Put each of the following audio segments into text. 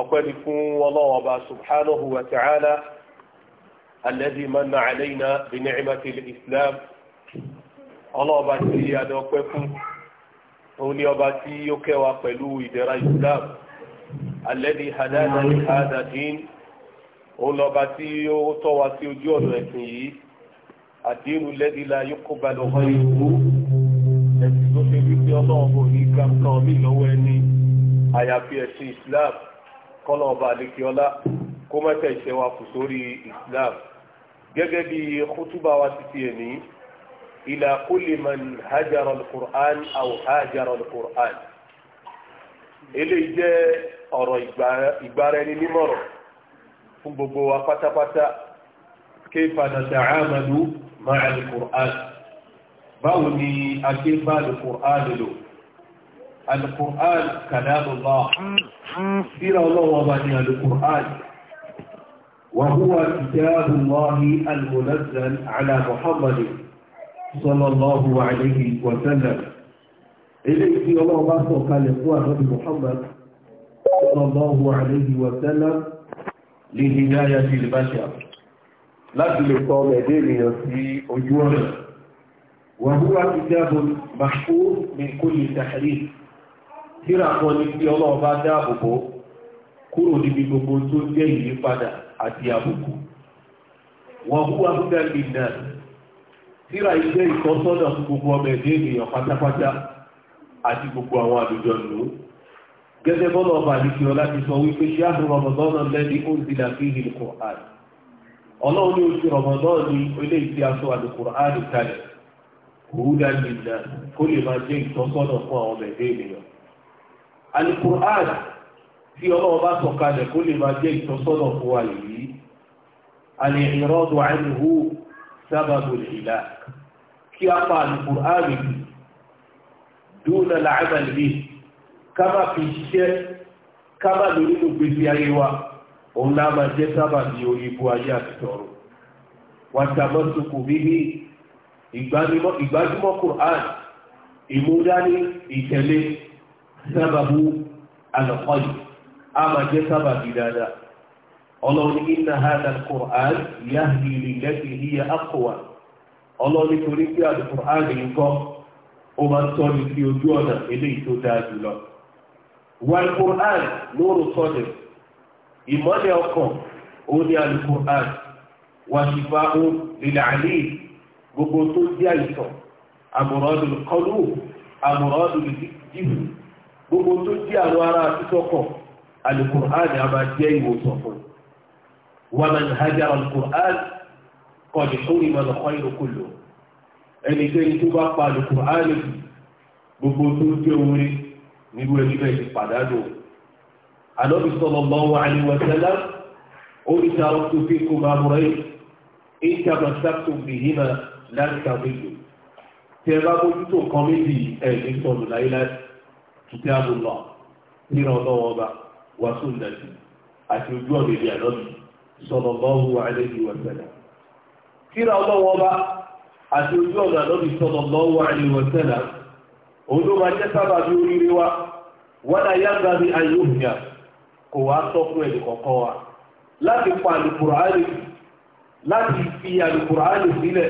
ọpẹ́ ni fún Ọlọ́run ọba subhanahu wa ta'ala alladhi manna alayna bi ni'mati al-islam Ọlọ́run ọba tí a dọ́pẹ́ fún òun ni ọba tí ó kẹwa pẹ̀lú ìdẹ̀ra islam alladhi hadana li hadha din òun lọ́ba tí ó tọ́ wa sí ojú ọ̀nà ẹ̀sìn yìí ad-dinu alladhi la yuqbalu ghayruhu ẹ̀sìn tó ṣe wípé Ọlọ́run kò ní gbàǹkan mí lọ́wọ́ ẹni àyàfi ẹ̀sìn islam kọ́nà ọba adékíọ́lá kó mẹ́tẹ̀ ìṣe wa kù sórí islam gẹ́gẹ́ bí kútúbà wa ti tiẹ̀ ní ila kulli man hajara al-qur'an aw hajara al-qur'an eléyìí jẹ́ ọ̀rọ̀ ìgbára ẹni nímọ̀rọ̀ fún gbogbo wa pátápátá kayfa nata'amalu ma'a quran báwo ni a quran lò al-qur'an kalamullah síra ọlọ́wọ́ ọba ní al-Qur'an وهو كتاب الله المنزل على محمد صلى الله عليه وسلم إليه في الله باسو قال يقوى محمد صلى الله عليه وسلم لهداية البشر láti lè kọ́ ẹ̀dẹ́ ènìyàn sí ojú ọ̀rẹ̀. wà húwá kitabun mahfuz min kulli tahrif tíra kan ní kí ọlọ́run bá dáàbò bò kúrò níbi gbogbo tó jẹ́ ìyípadà àti àbùkù wọn kú abúlé náà tíra iṣẹ́ ìtọ́sọ́nà gbogbo ọmọ ẹ̀dẹ́ ènìyàn pátápátá àti gbogbo àwọn àdójọ nù gẹ́gẹ́ bọ́lá ọba àdìsí ọlá ti sọ wípé ṣáàrù rọmọdọ́nà lẹ́ni ó ń zìlà sí ìhìn kùrán ọlọ́run ní oṣù rọmọdọ́nà ní ilé ìsí aṣọ àdìkùrán kalẹ̀ òwúdà nìyà kó lè máa jẹ́ ìtọ́sọ́nà fún àwọn ọmọ ẹ̀dẹ́ ènìyàn alukur'an tí ọlọ́wọ́ bá sọ̀kalẹ̀ kó lè máa jẹ́ ìtọ́sọ́nà fún wa yìí alìrìnrọ́dù àìníhù sábàbù ìlà kí a pa alukur'an yìí dúnà làámàlì ká má fi ṣiṣẹ́ ká má lò nínú gbèsè ayé wa òun náà máa jẹ́ sábàbí orí ibu ayé àtìtọ́rọ̀ wàtàmọ́sùkù bíbí ìgbádùmọ́ kur'an ìmúdání ìtẹ̀lé sábàbù alọ́kọ́yì a máa jẹ́ sábàbí dáadáa ọlọ́run iná hada alukur'an yahdi lilẹ́sì hiya akọwà ọlọ́run nítorí pé alukur'an yìí kọ́ ó máa tọ́ni sí ojú ọ̀nà eléyìí tó dáa jùlọ wàlùkùrán lóòrò sọ́dẹ̀ ìmọ́lẹ̀ ọkàn ó ní alùkùrán wàṣìfà ó lílẹ̀ àlè gbogbo tó jẹ́ àìsàn àmọ̀rọ̀dùn kọlù àmọ̀rọ̀dùn jíjù gbogbo tó jí àwọn ará àtúntọ́kàn alukur'an a máa jẹ́ ìwòsàn fún wa man hajara alukur'an kọ̀dé sórí mọ̀lọ́kọ́ ìrókòlò ẹnikẹ́ni tó bá pa alukur'an bì gbogbo tó jẹ́ orí nírú ẹni bẹ́ẹ̀ ti pàdánù anọ́bí sallallahu alaihi wa sallam oríṣà tó fi kó máa mọ̀ ẹ́ ìjà máa sábtò bìhínà láti tàbí tẹ́ bá bójútó kan méjì ẹ̀ ní sọ̀rọ̀ láyé láti kìtàbùlọ̀ níran lọ́wọ́ ọba wa sunnati àti ojú ọ̀rẹ́ ilé àlọ́bì sallallahu alayhi wa sallam kíra ọlọ́wọ́ ọba àti ojú ọ̀rẹ́ àlọ́bì sallallahu alayhi wa sallam òun ló máa jẹ́ sábà bí oríire wa wọ́dà yága ní ayé òmìnira kò wá sọ fún ẹnì kọ̀ọ̀kan wa láti pa àlùkùránì láti fi àlùkùránì sílẹ̀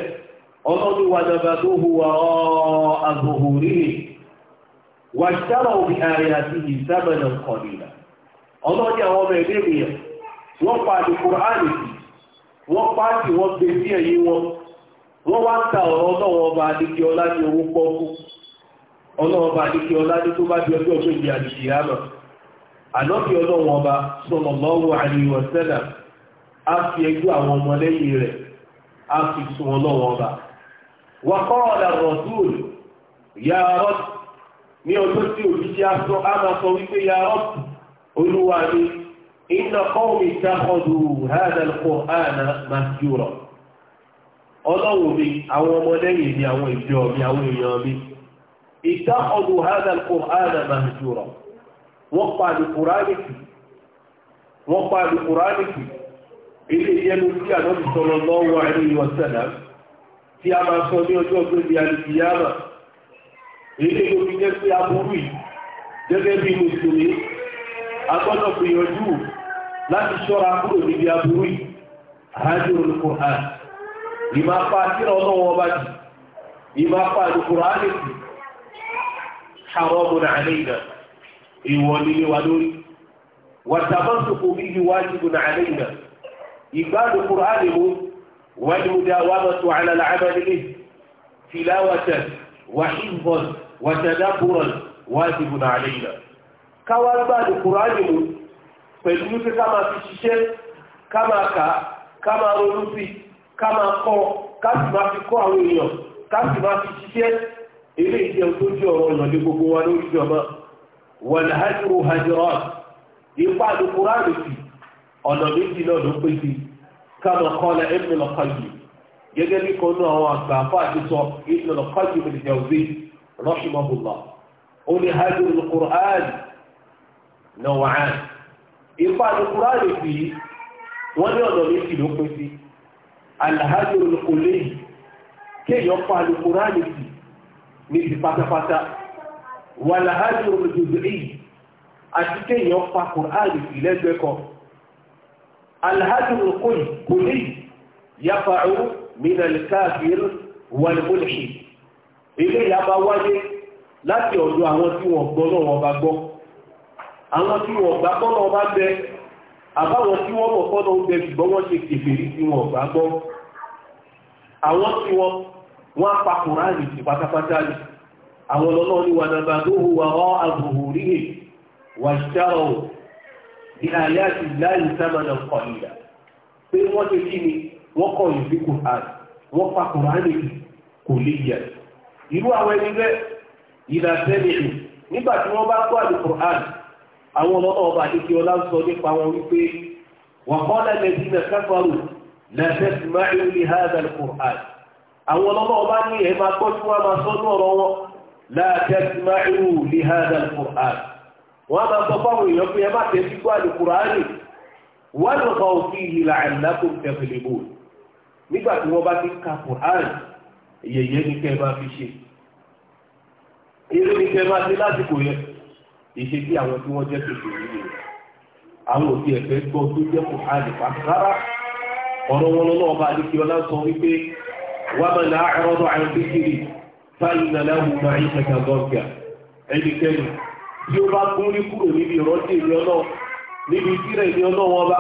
ọlọ́dún wa tó hùwà ọ́ àgbòhùn rírì wàṣítàrà òbí ààrẹ àti ìsámẹ́nà kọ̀nìyà ọlọ́ni àwọn ọmọ ẹ̀dẹ́ ènìyàn wọ́n pa àti kùránì sí wọ́n pa á sì wọ́n gbé sí wọn wọ́n wá ń ta ọ̀rọ̀ ọlọ́wọ́ ọba adékè ọlá ní ọla ọba adékè ọlá ní fi ẹgbẹ́ àwọn ọmọlẹ́yìn rẹ̀ ọba rọ̀dúùlù ní ọjọ́ tí òjijì aṣọ á máa sọ wípé ya ọ́p olúwa ni iná kọ́ọ̀mì ìtàkọ́dù hàdà kọ́ọ̀hánà màjúrọ̀ ọlọ́wọ́ mi àwọn ọmọlẹ́yìn mi àwọn ìjọ mi àwọn èèyàn mi ìtàkọ́dù hàdà kọ́ọ̀hánà màjúrọ̀ wọ́n pa àlùkùránìkì wọ́n pa àlùkùránìkì ilé ìyẹnu tí ànábì sọ̀rọ̀ lọ́wọ́ àìrí ọ̀sẹ̀dá tí a máa sọ ní ọjọ́ jẹ́ sí aburú yìí gẹ́gẹ́ bí mùsùlùmí a gbọ́dọ̀ gbìyànjú láti ṣọ́ra kúrò níbi aburú yìí àájú olùkùnrin ìmá pa kíra ọlọ́wọ́ ọba jù ìmá pa àdùkùnrin àlèkù àwọn ọmọ náà àlẹ́yìnà ìwọ nílé wa lórí wàtàmọ́sùkù bíi wájibu náà àlẹ́yìnà ìgbà àdùkùnrin àlèmú wàjú dáwàmọ̀tò àlàlà àmàlẹ́lẹ́ wàtẹ̀dábùrọ̀ wájibun alayna káwá gbàdùn kùránì mú pẹ̀lú pé ká máa fi ṣiṣẹ́ ká máa kà ká máa ronú sí ká máa kọ́ ká sì máa fi kọ́ àwọn èèyàn ká sì máa fi ṣiṣẹ́ eré ìjẹun tó jẹ́ ọ̀rọ̀ ìrọ̀lẹ́ gbogbo wa lórí ìjọba wàlhájúrò hajjọ́ọ̀t ipa àdó kùránì sí ọ̀nà méjì náà ló pé sí káàmà kọ́lá Ibn al-Qayyim gẹ́gẹ́ bí kan náà àwọn àgbà àfáà ti sọ Ibn al-Qayyim ìjẹun rahimahullah ó ní hajj al-Qur'an naw'an ipa al-Qur'an fi wọ́n ní ọ̀nà méjì ló pín sí alhajj al-kulli kéèyàn pa al-Qur'an fi ní ti pátápátá wàlàhajj al-juz'i àti kéèyàn pa Qur'an fi lẹ́gbẹ̀ẹ́ kan alhajj al-kulli yàtọ̀ min al-kafir wal-mulhid ilé ìyàbá wáyé láti ọ̀dọ̀ àwọn tí wọ́n gbọ́ náà wọ́n bá gbọ́ àwọn tí wọ́n gbà gbọ́ náà bá bẹ àbáwọn tí wọ́n mọ̀ fọ́nà oúnjẹ ṣùgbọ́n wọ́n ṣe kèfèrí tí wọ́n gbà gbọ́ àwọn tí wọ́n wọ́n pa kùránì sí pátápátá ni àwọn lọ́nà ní tó wà ọ́ àbùhù wà ṣáà irú àwọn ẹni bẹ́ẹ̀ ìlà sẹ́mìlì nígbà tí wọ́n bá kó àlùkùrán àwọn ọmọ náà bá dékè ọlá ń sọ nípa wọn wípé wà kọ́ lẹ́mẹ̀dì náà káfàrù lẹ́sẹ̀sì máa ń lè ha àlùkùrán àwọn ọmọ ọba ní ẹ̀ máa gbọ́ tí wọ́n máa sọ ní ọ̀rọ̀ wọn láàkẹ́sì máa ń lè ha àlùkùrán wọ́n máa sọ fáwọn èèyàn pé ẹ má tẹ̀ sí gbọ́ àlùkùrán wọ́n nígbà tí wọ́n bá ti ka kùrán yẹ̀yẹ́ ní kẹ́ ẹ bá fi ṣe eré ní kẹ́ máa ṣe lásìkò yẹn ìṣe sí àwọn tí wọ́n jẹ́ tòṣù yìí àwọn òbí ẹ̀fẹ́ gbọ́ tó jẹ́ kò hàn nípa rárá ọ̀rọ̀ wọn lọ́wọ́ bá ní ọlá sọ wípé wà á àárọ̀dọ̀ àwọn kékeré gọ́ọ̀gà ẹnikẹ́ni ó bá ní kúrò níbi ìrọ́jì ọlọ́ níbi ọlọ́ wọn bá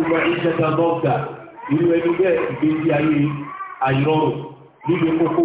gọ́ọ̀gà ẹni bẹ́ẹ̀ ìgbésí ayé níbi kókó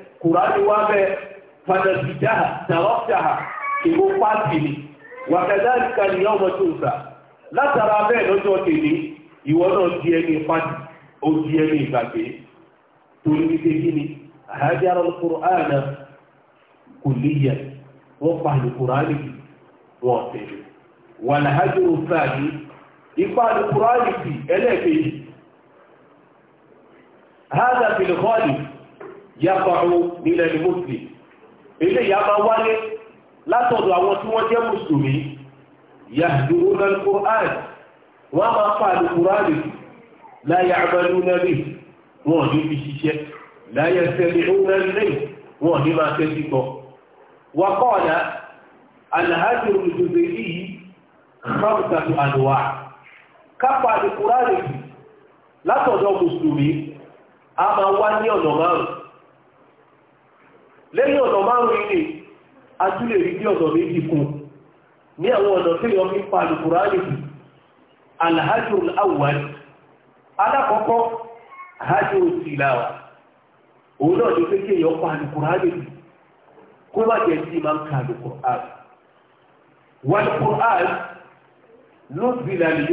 kùránì wá bẹ́ẹ̀ fàdàbìdá tàrọ́tà èkó pàtì ni wàkàdá nìkan ni ọmọ tó ń sà látara bẹ́ẹ̀ lọ́jọ́ tèmi ìwọ náà di ẹni pàtì ó di ẹni ìgbàgbé torí wípé kí ni àhájára kùránà kò níyà wọ́n pàlù kùránì wọ́n tẹ̀lé wàlàhájú sáà ní ipa kùránì sí ẹlẹ́ẹ̀kejì هذا في الغالب yàtọ̀rọ̀ nílẹ̀ ní mùsùlùmí ilé ìyá máa wáyé látọ̀dọ̀ àwọn tí wọ́n jẹ́ mùsùlùmí yàtọ̀rọ̀ lẹ́nu Qur'an wọ́n máa fa àlùkùránì láyé àmàlú lẹ́nu wọn ní fi ṣiṣẹ́ láyé sẹ́lẹ̀ òun lẹ́nu wọn ní máa tẹ́sí gbọ́ wakọ́ọ̀dà alhaji látọ̀dọ̀ mùsùlùmí a máa wá ní ọ̀nà márùn-ún lẹ́yìn ọ̀nà márùn-ún a tún lè ọ̀nà méjì kún ní àwọn ọ̀nà tó yọ nípa alùkùránì alhajjul awwal alákọ̀ọ́kọ́ hajjul tilawa òun náà ní kékeré yọ pa alùkùránì kó sí máa ń ka ló ti là lè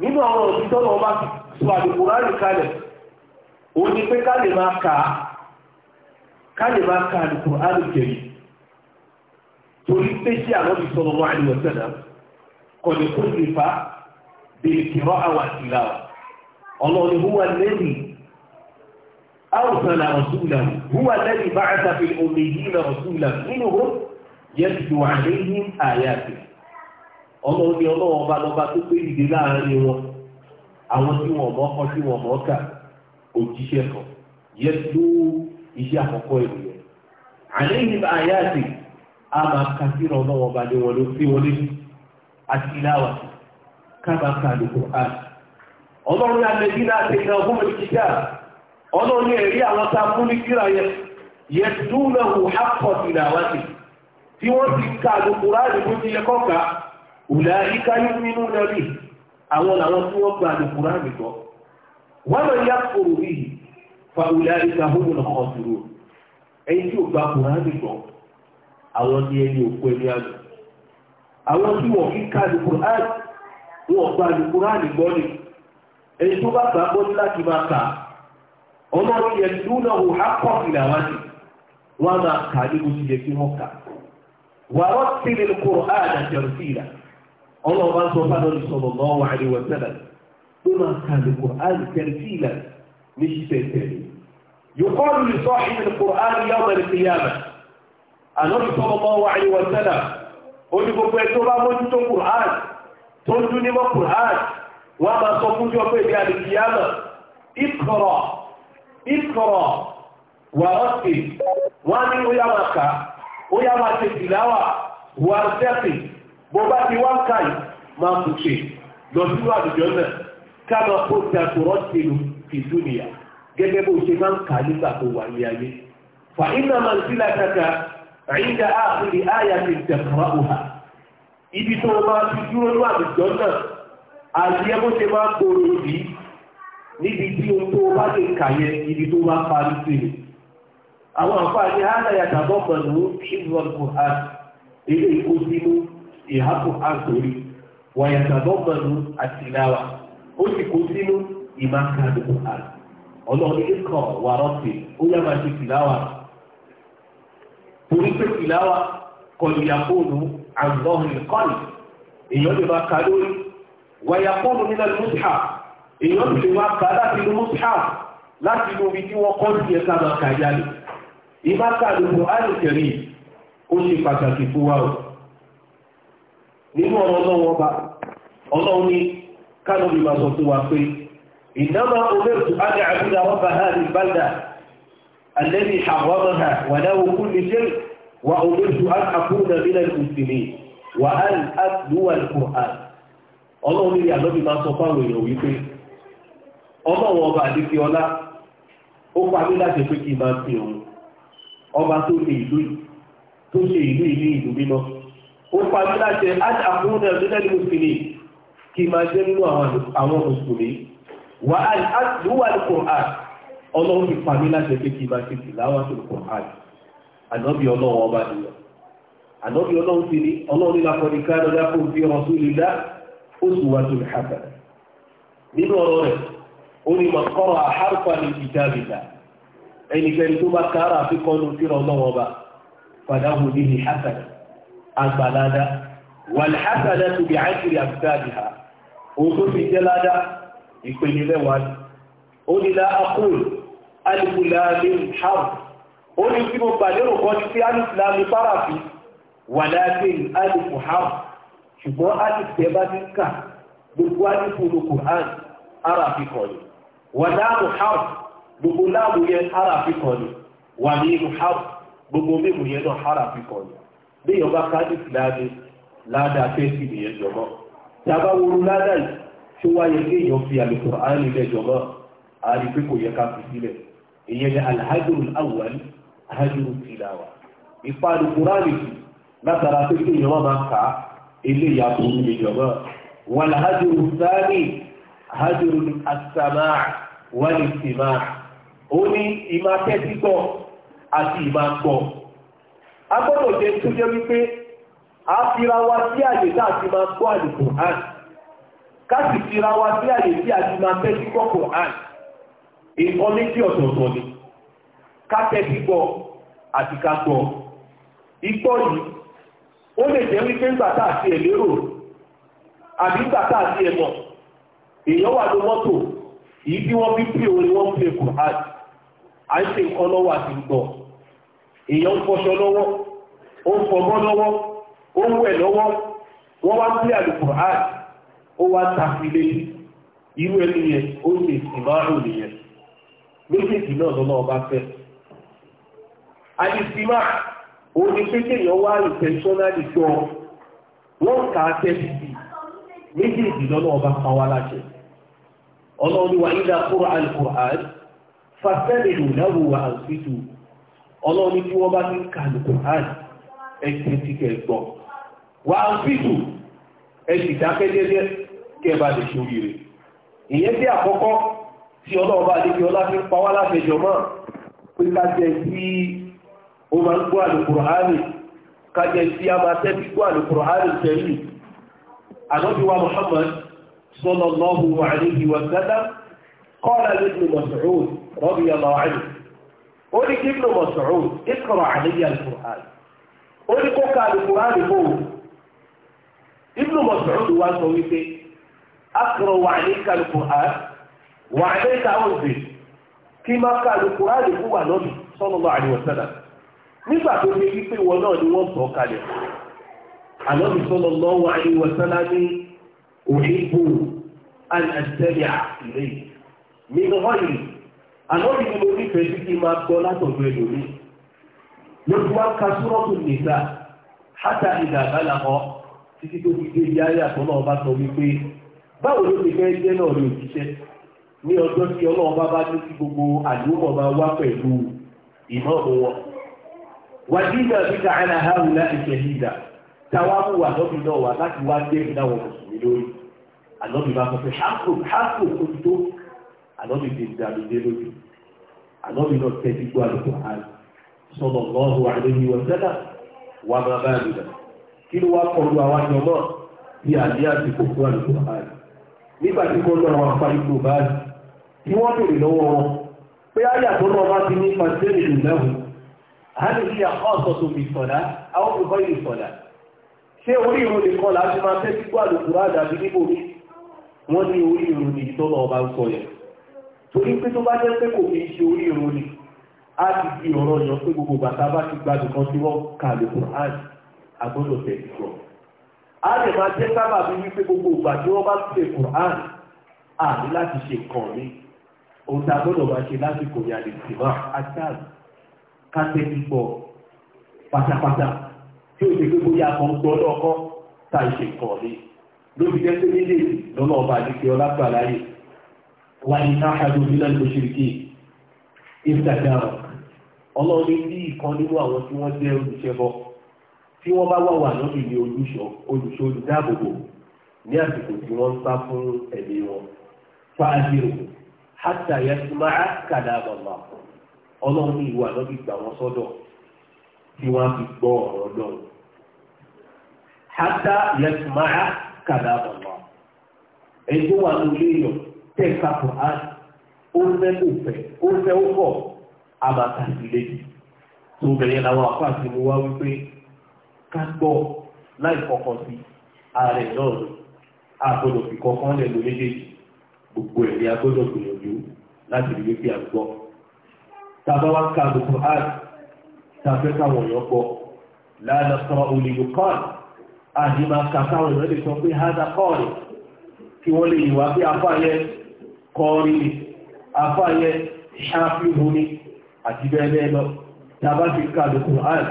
nínú àwọn òbí tọ́lọ́ káàlè ba ka Al-Qur'an Al-Karim torí pé sí àwọn ìsọ̀rọ̀ wọn àdìwọ̀ sẹ́dá kọ̀dé kó nípa bèrè kìrọ̀ àwọn àtìlá huwa lẹ́yìn أرسل رسوله هو الذي بعث في الأميين رسولا منهم يتلو عليهم آياته ọlọ́run ni ọlọ́run ọba lọ́ba tó pé ìdè láàrin wọn àwọn tí iṣẹ́ àkọ́kọ́ ènìyàn àlẹ́yìn àyáàtì a máa ka síra ọlọ́wọ́ bá lé wọlé sí wọlé àti ìlàwà kábà ká lóko àn ọlọ́run alẹ́bí náà ti na ọgbọ́n ìkíkà ọlọ́run ẹ̀rí àwọn tá a fún ní síra yẹn yẹtùnúhù hápọ̀ ìlàwàtì tí wọ́n ti ka lóko ráàlì tó ti yẹ kọ́ka òlà ìka yóò nínú lọ́rí àwọn làwọn tí wọ́n gba lóko ráàlì gbọ́ wọ́n lọ yá kúrò bíi fàwùlẹ̀ àríkàhùn náà kọ̀ dúró ẹni tí ò gba kùránì gbọ́ àwọn ní ẹni òkú ẹni àná àwọn tí wọ́n fi ká ní kùránì wọ́n gba ní kùránì gbọ́ ni ẹni tó bá gbà gbọ́ ní láti máa kà ọmọ ìyẹn lúnà ò hápọ̀ ìlàwádìí wọ́n á máa kà ní bó ti kí wọ́n kà wàrọ̀ tìlẹ̀ kùránì àjẹrùsílà ọlọ́ọ̀bá sọ fáwọn ìsọ̀rọ̀ lọ́wọ́ àríwọ̀ sẹ́lẹ̀ tó máa kà ní kùránì tẹ̀rẹ̀sílà ní ṣíṣe tẹ̀lé yòókọ́lù lè sọ ìmìnì kùránì yàwó mẹ́rin ti yàmẹ́ ànábì sọ́mọ́ mọ́ wà ní wọ́sẹ́nà ó ní gbogbo ẹ̀ tó bá mójútó kùránì tó ń dún nímọ̀ kùránì wọ́n máa sọ fún jọ pé ìdí àdìsí yàmẹ́ ìkọ̀rọ̀ ìkọ̀rọ̀ wà ọ́sì wọ́n ní ó yà máa kà ó yà máa ṣe tìláwà wà sẹ́sì bó bá ti wá káyì máa kùtì lọ sí wàdìjọ́ náà ká máa kó ti àtúrọ́ sílu fìdúnìyà gẹ́gẹ́ bó ṣe máa ń kà nígbà tó wà ní ayé fa iná máa ń sílá kàkà ríńdà áàfìrí àyà ti dẹ̀kọ́rọ́ òhà ibi tó máa fi dúró ní àbùjọ náà àti ẹ bó ṣe máa ń gbòòrò yìí níbi tí ohun tó bá lè kà yẹ ibi tó bá parí sí ni àwọn àǹfààní ààrẹ yàtàbọ̀ pẹ̀lú ìwọ̀n kùhán ilé ìkó sínú ìhápò àǹtòrí wà yàtàbọ̀ pẹ̀lú àtìláwà ó sì kó sínú ìmá ń ká lóko hàn ọlọ́run ní kọ̀ wà rọ́ọ̀tì ó yá máa ṣe tìláwà torí pé tìláwà kọlu yakóònù àgbọ̀hìn kọ́lì èèyàn lè máa ka lórí wà yakóònù nínú mùsà èèyàn lè máa ka láti inú mùsà láti inú ibi tí wọ́n kọ́ sí ẹ̀ka máa ka yálè ìmá ká lóko àlùkẹ́rì ó ṣe pàtàkì fún wa o nínú ọ̀rọ̀ ọlọ́wọ́ ọba ọlọ́run ní kánú إنما أمرت أن أعبد رب هذه البلدة الذي حرمها وله كل شيء وأمرت أن أكون من المسلمين وأن أتلو القرآن ọlọ́run ní àlọ́bí máa sọ fáwọn èèyàn wípé ọlọ́run ọba àdékè ọlá ó pa mí láti pé kí n máa fi òun ọba tó ṣe ìlú tó ṣe ìlú ìlú ìlú mímọ́ ó pa mí láti àkúrúnà nílẹ̀ mùsùlùmí kí n máa jẹ́ nínú àwọn mùsùlùmí wà á ló wà ní Qur'an ọlọ́run ti pa mí láti ẹgbẹ́ kí n bá ṣe sì láwọn àti Qur'an ànábì ọlọ́run ọba nìyẹn ànábì ọlọ́run ti ní ọlọ́run nílá kọ́ni ká lọ́dá kó fi rasulillah uswatun hasana nínú ọ̀rọ̀ rẹ̀ ó ní mọ̀ kọ́ra àhárùkọ́ ní kitabillah ẹnikẹ́ni tó bá kára àfikọ́nu sí ọlọ́run ọba fàdáhùn ní ní hasana àgbàládá wàlhásàdá tó bí ìpele mẹ́wàá ni ó ní la akóòlù alìkùlàmì hàrù ó ní tí mo gbà lérò kan ní sí alìkùlàmì fárafi wà láti alìkù hàrù ṣùgbọ́n alìkùlẹ̀ bá ti kà gbogbo alìkùlù kùrán arafi kan ni wà láàmù hàrù gbogbo láàmù yẹn arafi kan wà ní inú gbogbo tí ó wáyé ilé èèyàn fi Al-Qur'an nílẹ̀ jọ̀mọ́ àárí pé kò yẹ ká fi sílẹ̀ ìyẹn ni alhajjul awwal hajjul tilawa ìpanu kùránì sí látara pé kí èèyàn máa kà á ilé ìyàbò ní jọ̀mọ́ wal hajjul thani hajjul as-sama' wal ó ní ìmá tẹ́tíkọ́ àti ìmá gbọ́ agbọ́dọ̀ jẹ́ tó jẹ́ wípé a fira wa sí àyè náà ti máa gbọ́ Al-Qur'an si fira wa sí a ti máa fẹ́ sí kọ́kọ́ àn nǹkan ni àti ká gbọ́ yìí ó lè jẹ́ wípé ńgbà tá àti ẹ̀ lérò àbí ńgbà tá àti ẹ̀ mọ̀ èèyàn wà ló fi pè ó ni hàn à ń ṣe nǹkan àti èèyàn ń fọṣọ ó ń ó ń wá ń ó wá tàfilé irú ẹni yẹn ó lè sì nìyẹn méjèèjì náà lọ́nà ọba fẹ́ àdìsímà òun ni wá ìtẹ̀sọ́nálì jọ wọ́n kà á tẹ́sí sí méjèèjì lọ́nà ọba pa wá láṣẹ ọlọ́run wa ìdá kúrò alukùrán fàtẹ́lẹ̀ ìlàwò wa àǹfìtù ọlọ́run tí wọ́n bá ní ka alukùrán ẹ̀sìn ti kẹ̀ gbọ́ wa àǹfìtù ẹ̀sìn dákẹ́jẹ́jẹ́ kí ẹ bá lè ṣe oríire ìyẹn tí àkọ́kọ́ tí ọlọ́ọ̀bá adékè ọlá fi pa wá láfẹjọ mọ́ pé ká jẹ sí ó máa ń gbọ́ àlùkùránì ká jẹ sí a máa tẹ́bí gbọ́ àlùkùránì tẹ́lì Muhammad sallallahu alayhi wa sọ wípé akọrọ wa ní kálukú á wà ní káwọn òbí kí má kálukú á lè fún wà lọ́nà sallallahu alaihi nígbà tó wípé wọn náà ni wọ́n sọ kalẹ̀ àlọ́bí sallallahu alaihi wasallam ní alẹ́sẹ̀lẹ̀ nínú ọ̀yìn ni mo sí kí gbọ́ látọ̀dọ̀ wa súrọ́tù nìta hátà ìdàgbàlà títí tó fi dé báwo ló ti fẹ́ jẹ́ náà ní òṣìṣẹ́ ní ọjọ́ tí ọlọ́run bá bá dé sí gbogbo àdúgbò máa wá pẹ̀lú ìmọ̀ọ́mù wọn. wàdíjà bí káàlà hàrù láti ṣẹ̀lí ìdá táwa mú wà lọ́bì náà wà láti wá dé ìdáwọ̀ mùsùlùmí lórí àlọ́bì bá sọ pé ṣáàpù ṣáàpù ojútó àlọ́bì ti dàbí dé lójú àlọ́bì náà tẹ́tí gbọ́ àlùkò àlù sọ̀nà lọ́rùn àlejò ìwọ̀sẹ́lá wà máa bá àlùdà kí ló wá kọlu àwọn àjọmọ́ bí àlẹ́ àti kòkó àlùkò àlù nígbà tí kò lọ́wọ́ àpàlùkù báyìí tí wọ́n bèèrè lọ́wọ́ wọn pé àyà tó lọ bá ti ní pàṣẹ́lì lùmẹ́hùn àhálì sí àkọ́sọ̀ tó fi sọ̀dá àwọn olùkọ́ yìí sọ̀dá ṣé orí ìrun nìkan láti máa tẹ́sí gbọ́ àlùkù ráàdà bí níbo mi wọ́n ní orí ìrun ní ìtọ́lọ̀ ọba ń sọ yẹn torí pé tó bá jẹ́ pé kò fi ṣe orí ìrun ni a ti fi ọ̀rọ̀ yàn pé gbogbo bàtà bá ti gbádùn kan tí wọ́n kà lùkù ráàdì agbọ́dọ̀ tẹ̀sí sọ̀rọ̀ a lè máa jẹ́ sábà bí wípé gbogbo ìgbà tí wọ́n bá ṣe Qur'an àní láti ṣe kàn mí ohun tá a gbọ́dọ̀ máa ṣe lásìkò ní àdìsímá àtàlù kátẹ́kì pọ̀ pátápátá tí ó ṣe gbogbo yà kan gbọ́ lọ́kọ́ tá a ṣe kàn mí lóbi jẹ́sẹ̀ nílé lọ́nà ọba àdìsí ọlágbà láyè wà ní káàkiri nílẹ̀ ló ṣe kí instagram ọlọ́run ní ìkan nínú àwọn tí wọ́n jẹ́ olùṣẹ́bọ̀ tí wọ́n bá wà wà lórí ilé olùṣọ́ olùdáàbòbò ní àsìkò tí wọ́n ń fún ẹ̀mí wọn. fàájìrò hàtà yasuma kàdà bàbà ọlọ́run ní ìwà sọ́dọ̀ tí wọ́n á fi gbọ́ ọ̀rọ̀ hàtà kàdà bàbà ẹjọ́ wà lórí èèyàn tẹ̀ka kò á ó fẹ́ kò fẹ́ ó fẹ́ ó àbàtà ìdílé tó bẹ̀rẹ̀ làwọn àpá ká gbọ́ láì kọ́kọ́ sí ààrẹ náà ni a gbọ́dọ̀ fi kọ́kọ́ lẹ̀ ló méjèèjì gbogbo ẹ̀ ni a gbọ́dọ̀ gbìyànjú láti rí wípé à ń gbọ́. tàbá wá ká gbogbo art tàbí káwọn èèyàn gbọ́ lánàá sọ olùyọ kọ́ọ̀lù àti máa ka káwọn èèyàn lè sọ pé hádà kọ́ọ̀lù kí wọ́n lè wá bí afáyẹ kọ́ọ̀rì ni afáyẹ ṣáfihùn ni àti bẹ́ẹ̀ bẹ́ẹ̀ lọ tàbá ti ká gbogbo art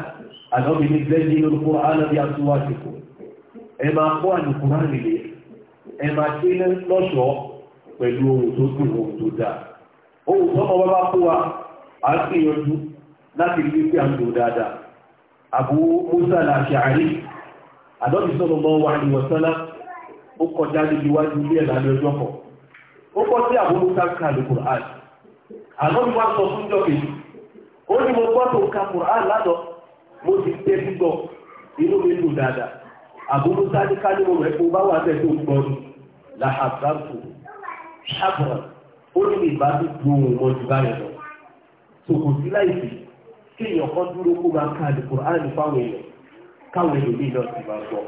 àdọ́bí ní bẹ́ẹ̀ni lórúkọ alábi àtúwàsìkò ẹ máa kọ́ àlùkùránì lè ẹ máa tí lọ́ṣọ́ pẹ̀lú ohun tó dùn ohun tó dáa ohun tó mọ bá kó wa a ń gbìyànjú láti rí pé à ń lò dáadáa Abu Musa al-Ash'ari àdọ́bí sọ́nà mọ́ wa ní wọ̀sánlá ó kọjá níbi wájú ilé ẹ̀lá ní ọjọ́ kan ó kọ́ sí Abu Musa ká àlùkùránì àdọ́bí wá sọ fún jọ́kejì ó ní mo gbọ́ tó ka kùránì lánàá mo ti tẹ́ gbígbọ́ inú mi lù dáadáa àbúrò sáájú ká ní mo rẹ̀ kó bá wà bẹ́ẹ̀ tó gbọ́ ṣàbọ̀n ó ní ìbá tó si òun mọ́ ju báyẹn lọ sòkò sí láìsí kí èèyàn kan dúró kó máa ka àlùkùránì fáwọn èèyàn káwọn èlòmíì náà máa gbọ́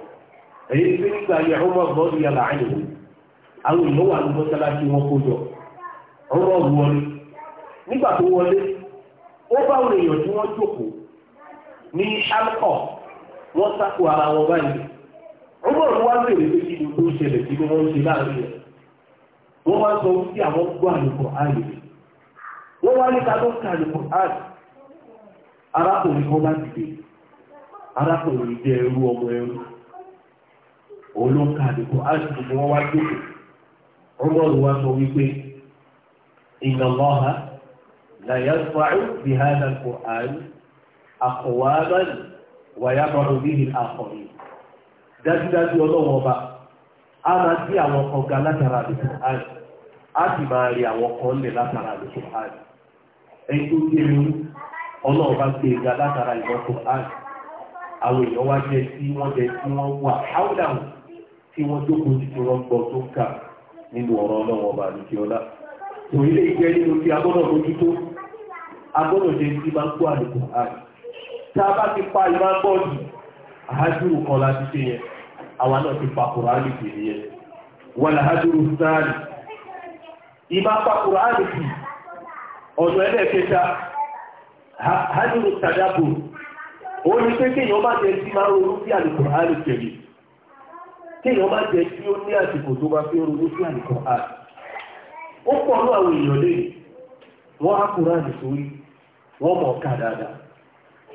èyí nígbà yẹn ọmọ ọgbọ́n yàrá àwọn èèyàn wà ní ní alkọ̀ wọ́n sáko ara wọn báyìí Umar wá bèrè pé kí ni tó ṣẹlẹ̀ sí pé ṣe láàrin rẹ̀ wọ́n wá sọ sí àwọn gbọ́ àlùkò ààyè wọ́n wá níta ló ka àlùkò ààyè arákùnrin kan bá dìde arákùnrin jẹ́ ẹrú ọmọ ẹrú òun àlùkò wọ́n wá àkọ̀wàmán wàyàmọ̀rù bíi àkọ̀rin dájúdájú ọlọ́wọ́ ọba a máa sí àwọn kan ga látara àdìsí àì a sì máa rí àwọn kan lè látara àdìsí àì ẹni tó ọlọ́wọ́ bá gbé ga látara àwọn èèyàn wá tí wọ́n tí wọ́n wà áwùdáwù tí wọ́n jókòó sí tí wọ́n gbọ́ tó kà nínú ọ̀rọ̀ ọlọ́wọ́ ọba àdìsí ọlá tòun ilé ìjẹ́ nínú tí agbọ́dọ̀ mójútó agbọ́dọ̀ jẹ́ tí máa kó tá a bá ti pa ìmọ̀ kọla àhájúrù kan láti ṣe yẹn àwa náà ti pa kùránì kì yẹn wà láhájúrù sáàlì ìmọ̀ pa kùránì ọ̀nà ẹlẹ́ẹ̀kẹta hájúrù tàdábò ó ní pé má jẹ sí máa ronú sí àlùkùránì má jẹ sí ó ní àsìkò tó bá fi ronú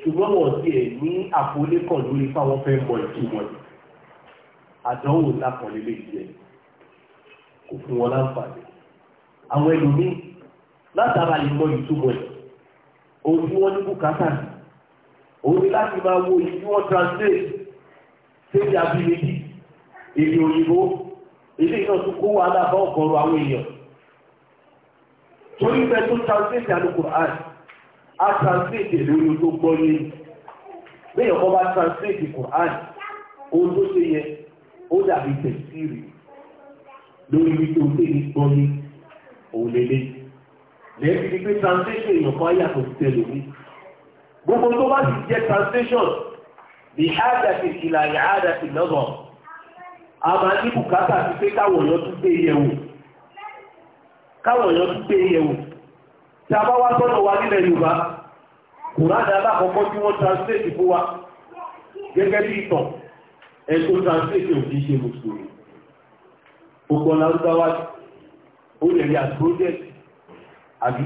ṣùgbọ́n wọ́n ti ẹ̀ ní àpolé kan lórí fáwọn fẹ́ mọ ìtumọ̀ yìí àdánwò lápọ̀lẹ́ lè jẹ kò fún wọn láǹfààní àwọn ẹlòmíì látara ìmọ̀ ìtumọ̀ yìí òun tí wọ́n ní bùkátà sí òun ní láti máa wo èyí tí wọ́n translate sébi abínibí èdè òyìnbó èdè náà tún kó wàhálà bá ọ̀gọ̀rọ̀ àwọn èèyàn torí pé tó translate àlùkò àti á translate lórí tó gbọ́ yé bẹ́ẹ̀ ọkọ̀ bá translate Quran ohun tó ṣe yẹ ó dàbí tẹ̀síìrì lórí wípé o tẹ̀lé gbọ́ yé òun lélẹ̀ lẹ́yìn ti pé translation èèyàn kan yàtọ̀ sí tẹ̀lómi gbogbo tó bá ti jẹ́ translation ní àdàtì ìlànà àdàtì lọ́gọ̀ a máa ní bùkátà ti pé káwọn èèyàn tún gbé yẹ̀wò káwọn èèyàn tún gbé yẹ̀wò tí a bá wá sọ́dọ̀ wa nílẹ̀ Yorùbá kùránì alákọ̀ọ́kọ́ tí wọ́n translate fún wa gẹ́gẹ́ bí ẹ̀tọ́ translate ṣe mùsùlùmí gbogbo ọ̀làrúgbáwá ó lè rí àti àbí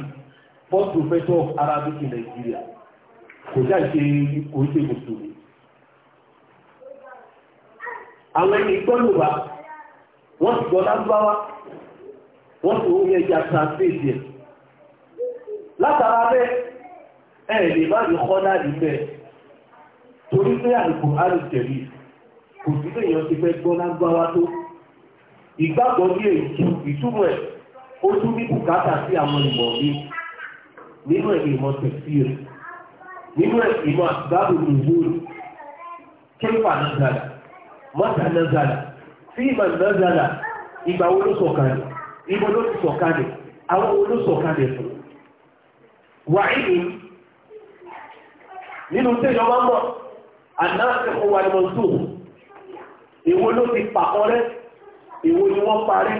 first professor of Arabic in Nigeria kò já ṣe kò mùsùlùmí àwọn ẹni gbọ́lùbá wọ́n ti gbọ́ wọ́n ti e lè má rí kọ́lá nílẹ̀ torí pé àlùkò àrùtẹ̀lì kò sí lèèyàn ti fẹ́ gbọ́ lágbáwá tó ìgbàgbọ́ ní èyí ìtumọ̀ ẹ̀ ó tún ní bùkátà sí àwọn ìmọ̀ mi nínú ẹ̀ ìmọ̀ tẹ̀sí rẹ̀ nínú ẹ̀ ìmọ̀ àtìgbàgbọ́ ní kéfà nàzàlà mọ́tà nàzàlà sí ìmọ̀ nàzàlà ìgbà wo ló sọ̀kalẹ̀ ló ti sọ̀kalẹ̀ àwọn wo ló sọ̀kalẹ̀ nínú tí ìjọba mọ̀ àdáṣe kò wà lọ tó èwo ló ti pàkọ́ rẹ́ èwo ni wọ́n parẹ́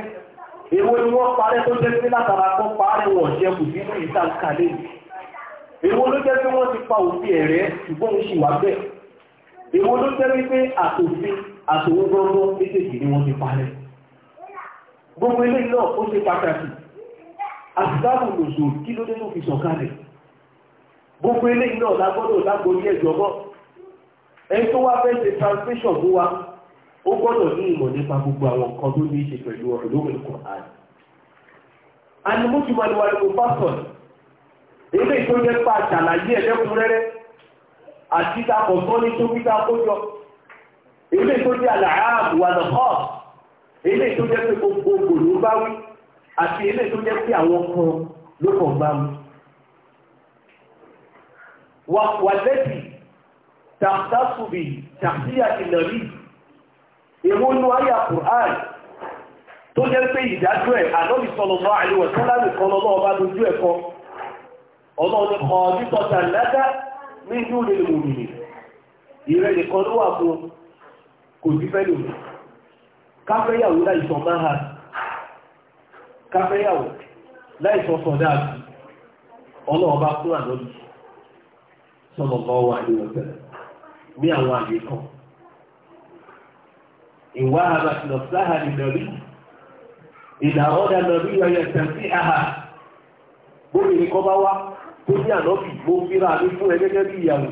èwo ni wọ́n parẹ́ tó jẹ́ sí látara kó parẹ́ wọ̀n jẹ́ kù sínú ìtàkàlẹ̀ èwo ló jẹ́ pé wọ́n ti pa òfin ẹ̀rẹ́ ṣùgbọ́n ó sì wà bẹ́ẹ̀ èwo ló jẹ́ wípé àtòfin àtòwó gbọ́ngbọ́ méjèèjì ni wọ́n ti parẹ́ gbogbo ilé náà ó ṣe pàtàkì àtìdáàbò lòṣù kí ló dé tó fi sọ̀kalẹ̀ gbogbo eléyìí na lágbọ́dọ̀ lágbo ní ẹ̀jọ̀ mọ́ ẹni tó wá fẹ́ ṣe translation wa ó gbọ́dọ̀ ní ìmọ̀ nípa gbogbo àwọn nǹkan tó ní í ṣe pẹ̀lú ọ̀rọ̀ lórí ilé pa àṣàlàyé ẹ̀lẹ́kùnrẹ́rẹ́ àti takọ̀tọ́ ní tó kíta kójọ ilé tó jẹ́ àlàáàbù wà lọ́pọ̀ ilé pé gbogbo والتي تختص بشخصية النبي èwo nú ayé àkùrán tó jẹ́ pé ìdájọ́ ẹ̀ ànọ́bì sọlọ́mọ́ àìlúwẹ̀ tó láàrín kan lọ́wọ́ bá dojú ẹ̀kọ́ ọlọ́run kọ́ nítọ́ta lágá ní inú lè mòmìnì ìrẹ́ nìkan ló wà fún kò sí fẹ́ lòmì káfẹ́yàwó láìsàn máa hà káfẹ́yàwó láìsàn sọ̀dá sallallahu alaihi wa sallam ní àwọn àyè kan ìwà àbàtìlọ́sáhà ní nàbí ìdàrọ́dà nàbí ọyọ tẹ̀sí àhà bóyìí kọ́ bá wá tó ní ànọ́bì mo ń fira fún ẹ bí ìyàwó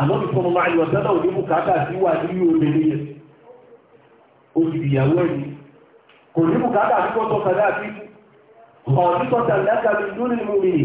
ànọ́bì sallallahu alaihi wa sallam òní bùkátà sí wà ní òde nìyẹn ó ti ìyàwó ẹni kò ní bùkátà sí kọ́tọ̀ sàdá àti ọ̀ọ́dún tọ́ta lẹ́ka mi lónìí mú nìyí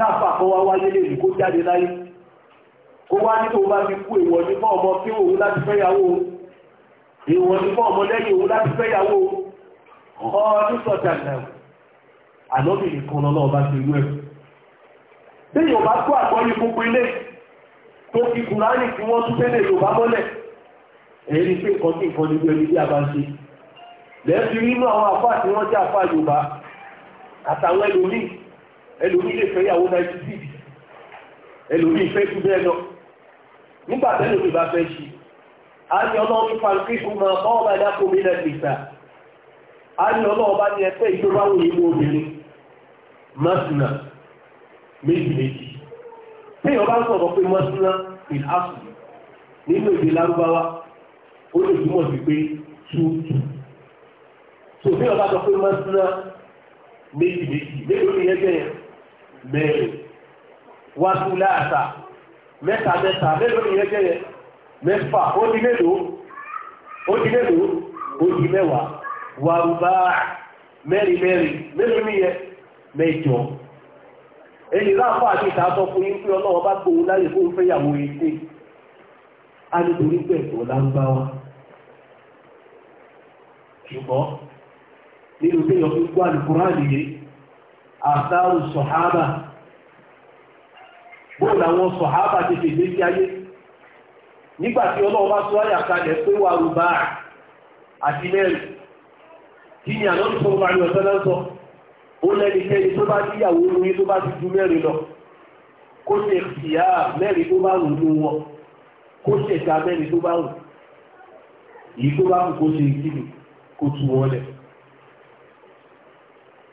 káàpà kọ́ wá wáyé lè kó jáde láyé kó wá ní tó bá fi kú èèwọ̀ ní fún ọmọ kí òun láti fẹ́yàwó èèwọ̀ ní fún ọmọ lẹ́yìn òun láti fẹ́yàwó ọdún sọ̀tà náà àlọ́bì nìkan lọ́lọ́ bá ti rú ẹ̀ bí yóò bá kó àgbọ́yé gbogbo ilé tó fi kùránì tí wọ́n tún tẹ́lẹ̀ yóò bá mọ́lẹ̀ ẹ̀rí pé nǹkan tí nǹkan níbi ẹni bí a bá ń ṣe lẹ́ẹ̀fi nínú àwọn àfáà tí wọ́n jẹ́ àfáà Yorùbá àtàwọn ẹlòmíì ẹlòmí lè fẹ́ yàwó náà ti ẹlòmí fẹ́ kú bẹ́ẹ̀ lọ nígbà tẹ́lẹ̀ mi bá fẹ́ ṣi a ní ọlọ́run fanke fún ma bọ́ ọba ẹ̀dá kò mí lẹ́sìn ìta a ní ọlọ́run bá ní ẹgbẹ́ ìjọba wò yìí mú obìnrin mọ́sùnà méjì méjì tí ọba ń sọ̀rọ̀ pé mọ́sùnà in asu nínú èdè lárúbáwá ó lè túmọ̀ sí pé túùtù tòbí ọba sọ pé mọ́sùnà méjì méjì méjì ó lè yẹ mẹ́rin wáṣú láàtà mẹ́ta mẹ́ta mẹ́lò ní ẹgbẹ́ yẹn mẹ́fà ó di mélòó ó di mélòó ó di mẹ́wàá wàrúbá mẹ́rin mẹ́rin mélòó ní mẹ́jọ èyí láàpá àti ìtàsọ fún yín pé ọlọ́wọ́ bá gbòó láyé fún fẹ́yàwó yìí sí a lágbáwá ṣùgbọ́n nínú àtàrù sọ̀hábà bóò làwọn sọ̀hábà ti fèdè sí ayé nígbà tí ọlọ́run sọ àyà kalẹ̀ pé wà rúbà àti mẹ́rin kí ni àná nípa ọmọ àyè ọ̀sán náà sọ ó lẹ́nikẹ́ni tó bá níyàwó lóyún tó bá ti ju mẹ́rin lọ kó ṣe ìyá mẹ́rin tó bá wù ú wọn kó ṣe ìta mẹ́rin tó bá wù yìí tó bá kù kó ṣe ìkíni kó tu wọn lẹ̀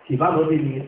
kì bá nìyẹn.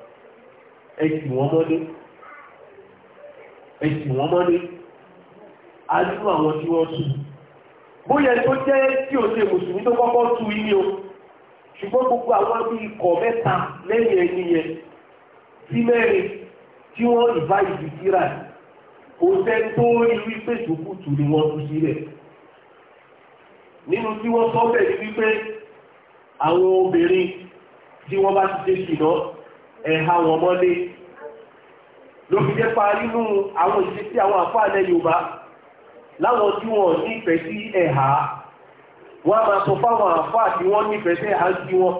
ẹ̀sì wọn mọ́lé ẹ̀sì wọn mọ́lé adúrú àwọn tí wọ́n tú bóyẹ tó jẹ́ tí ò ṣe mùsùlùmí tó kọ́kọ́ tú ilé o ṣùgbọ́n gbogbo àwọn bí ikọ̀ mẹ́ta lẹ́yìn ẹni yẹn sí mẹ́rin tí wọ́n ìbá ìdí síra kò ni wọ́n tú sílẹ̀ nínú tí wọ́n sọ bẹ́ẹ̀ ni wípé àwọn obìnrin tí wọ́n bá wọn mọ́lé ló fi jẹ́ pa nínú àwọn ìṣesí àwọn àfáàlẹ̀ Yorùbá láwọn tí wọ́n nífẹ̀ẹ́ sí ẹ̀há wọ́n a máa sọ fáwọn àfáà tí wọ́n nífẹ̀ẹ́ sí ẹ̀há sí wọn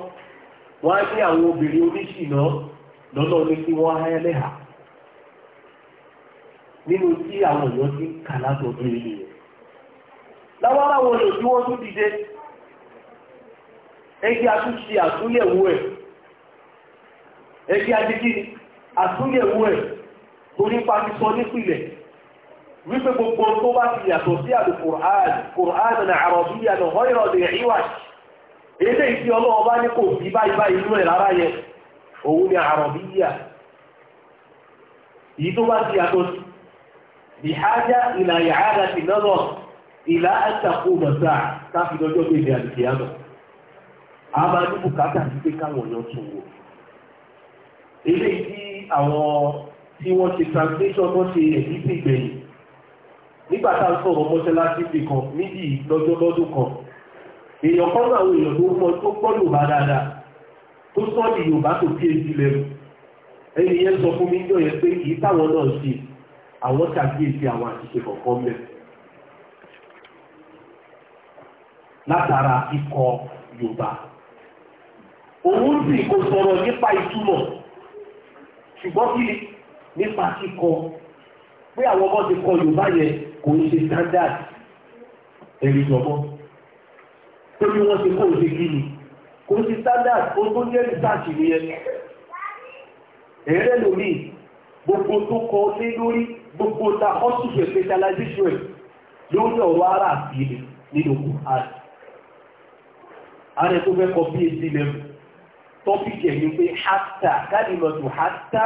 wọ́n á ní àwọn obìnrin oníṣìná lọ́nà ní kí wọ́n á ẹlẹ́hà nínú tí àwọn èèyàn ti kà látọ̀dọ̀ ilé rẹ̀ láwọn aláwọ̀ rẹ̀ tí wọ́n tún dìde ẹgbẹ́ àtúnyẹ̀wò ẹ̀ ẹgbẹ́ onípa ti sọ nípìnlẹ̀ wípé gbogbo tó bá ti yàtọ̀ sí àlù Qur'an Qur'an na àrọ̀bíyà na ọ̀yọ̀ lè ríwà èdè ìfi ọlọ́wọ́ bá ní kò fi báyìí báyìí inú ẹ̀ rárá yẹn òun ni àrọ̀bíyà yìí tó bá ti yàtọ̀ sí bìhájá ìlà yàrá ti lọ́nà ìlà àtàkù mọ̀sá káfí lọ́jọ́ bèbè àdìsí àmọ́ a ní bùkátà sí pé káwọn èèyàn tún wò eléyìí tí àwọn tí wọ́n ṣe translation tó ṣe èyí sì gbẹ̀yìn nígbà tá à ń sọ̀rọ̀ mọ́ṣáláṣí fi kan níbi lọ́jọ́ lọ́dún kan èèyàn kan náà àwọn èèyàn tó mọ tó gbọ́ Yorùbá dáadáa tó sọ́ọ̀dì Yorùbá tó ẹni yẹn sọ fún mi ní pé kì í táwọn náà ṣe àwọn ṣàkíyèsí àwọn àṣìṣe kọ̀ọ̀kan mẹ́ látara ikọ̀ Yorùbá òun sì kò sọ̀rọ̀ nípa ìtumọ̀ ṣùgbọ́n nípa kíkọ pé àwọn ọmọ ti kọ Yorùbá yẹn kò ń ṣe standard ẹ̀rí jọ̀mọ́ tó bí wọ́n ti kó o ṣe kí ni kò ń ṣe standard ó tó jẹ́ research nìyẹn ẹ̀rẹ́ lómi gbogbo tó kọ lé lórí gbogbo ta hospital specialization ẹ̀ lórí ọ̀rọ̀ ara àti ilẹ̀ nínú Quran ààrẹ tó fẹ́ kọ PhD level topic ẹ̀ ni pé hata kálímọ̀tò hata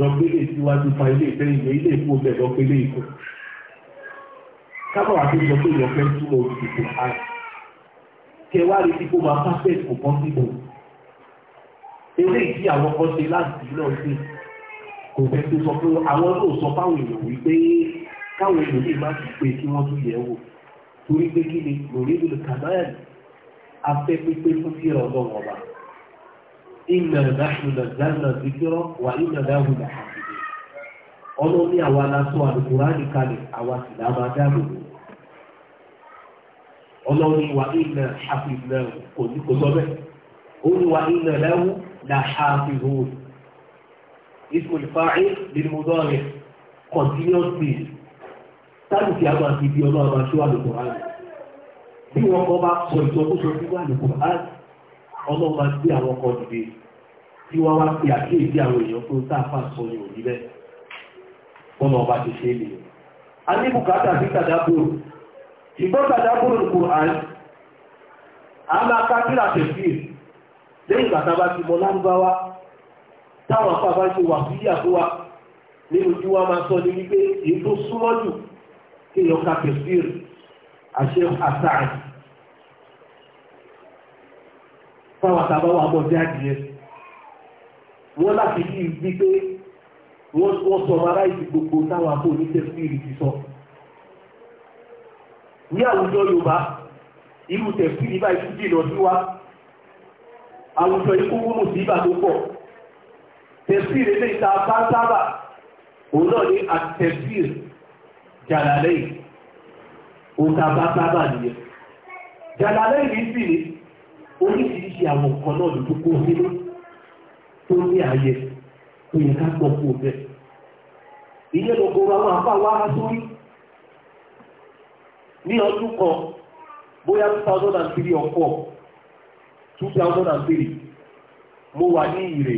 lọ́gbélé síwájú fa ilé ìfẹ́yìnlẹ̀ ilé ìfowópẹ́ lọ́gbélé ìkọ̀. kábọ̀ àti sọ pé ìyọ̀fẹ́ túmọ̀ òṣìṣẹ́ àì kẹwàá rí kíkó máa perfect kò kán síbò eré ìdí àwọn kan ṣe láti náà sí kò fẹ́ tó sọ pé àwọn náà sọ fáwọn èèyàn wípé káwọn èèyàn lè má ti pé kí wọ́n tún yẹ̀ wò torí pé kí ni lórí ìlú kàmáyà afẹ́ pípé fún síra ọlọ́run ọba iná ìdáhùn nàìjíríà zikirọ wà iná ìdáhùn nàìjíríà ọlọ́ ní àwa lásán àdùkùránì kalẹ̀ àwa sì náà máa dáàbò bò ọlọ́ni wa iná àfihàn kò ní kò sọ bẹ́ẹ̀ ó ní wa iná lẹ́wọ́ là àfihàn ismul fa'il lil mudari continuous peace tábìtì àwọn àti ibi ọlọ́run aṣọ àdùkùránì bí wọ́n kọ́ bá sọ ìtọ́kùsọ sí wà ọlọ́run máa gbé àwọn ọkọ̀ dìde tí wọ́n wá pe àkíyèsí àwọn èèyàn tó ń tá àfà sọ ní òní bẹ́ẹ̀ bọ́nà ọba ti ṣe é a ní bùkátà sí tàdábòrò ṣùgbọ́n tàdábòrò kò àárín a máa ká kíra tẹ̀sí lẹ́yìn bàtà bá ti mọ lárúbáwá táwọn afá bá ṣe wà fíyà fún wa nínú tí wọ́n máa sọ ní wípé èyí tó súnmọ́ jù kéèyàn ká tẹ̀sí àṣẹ àtàrí fáwọn tàbá wà bọ̀ jẹ́ adìyẹ wọ́n láti bí ibi pé wọ́n sọ ara ìdí gbogbo táwọn àpò onítẹ̀fìrì ti sọ ní àwùjọ Yorùbá irú tẹ̀fìrì báyìí tún jìnà sí wa àwùjọ ikú wúlò sí ìgbà tó pọ̀ tẹ̀fìrì lè ta bá sábà òun náà ní àtẹ̀fìrì jàlálẹ́ yìí òun ta bá sábà nìyẹn jàlálẹ́ yìí sì ni oríṣiríṣi àwọn nǹkan náà ló tó kó sínú tó ní ààyè tó yẹ ká gbọ́ fún ọbẹ̀. ìyẹn ló kó àwọn àpá wa sórí ní ọdún kan bóyá two thousand and three or four two thousand and three mo wà ní ìrè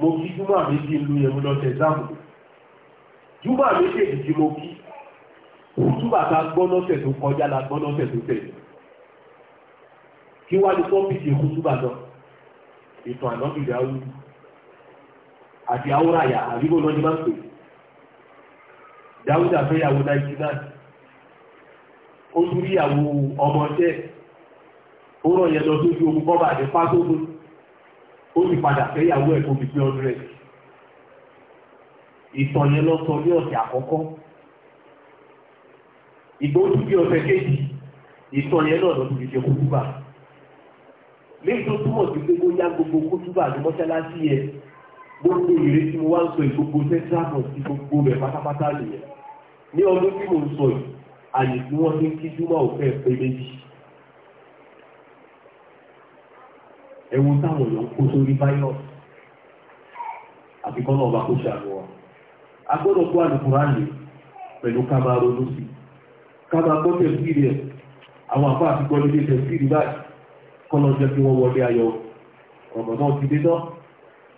mo kí júmọ́ àméjì ìlú yẹn mo lọ tẹ̀ sáàmù júmọ́ àméjì èdè tí mo kí kútùbà ta gbọ́ lọ́sẹ̀ tó kọjá la gbọ́ lọ́sẹ̀ tó tẹ̀lé kí wá ní pọ́pìtì èkó túbàdàn ìtàn ànábìdì awú àti awúráyà àríwó náà ní máa ń pè dáwúdà fẹ́yàwó náìjí náà ó tún ríyàwó ọmọdé ó rọ̀ yẹn lọ sójú ogun kọ́bà àti pátógó ó sì padà fẹ́yàwó ẹ̀ kó fi pé ọdún rẹ̀ ìtàn yẹn lọ sọ ní ọ̀sẹ̀ àkọ́kọ́ ìgbóhùn bí ọ̀sẹ̀ kejì ìtàn yẹn náà lọ fi ṣe kúkú báyìí léyìí tó túmọ̀ sí pé bóyá gbogbo kútúbà ní mọ́ṣáláṣí yẹn gbogbo ìrètí mo wá ń sọ ìgbogbo central bank ti gbogbo rẹ̀ pátápátá nìyẹn ní ọdún tí mo ń sọ yìí àyè tí wọ́n ti ń kí júmọ́ òfẹ́ pé méjì ẹ̀wọ̀n táwọn èèyàn kó sórí báyọ̀sì àti kọ́nà ọba kó ṣàánú wa a gbọ́dọ̀ kó àlùkùránì pẹ̀lú ká máa ronú sí ká máa gbọ́ tẹ̀síìrì ẹ̀ àwọn àfáà ti gbọ́ nílé kọ́lọ́ jẹ́ kí wọ́n wọlé ayọ̀ rọ̀mọ̀dán ti dé tán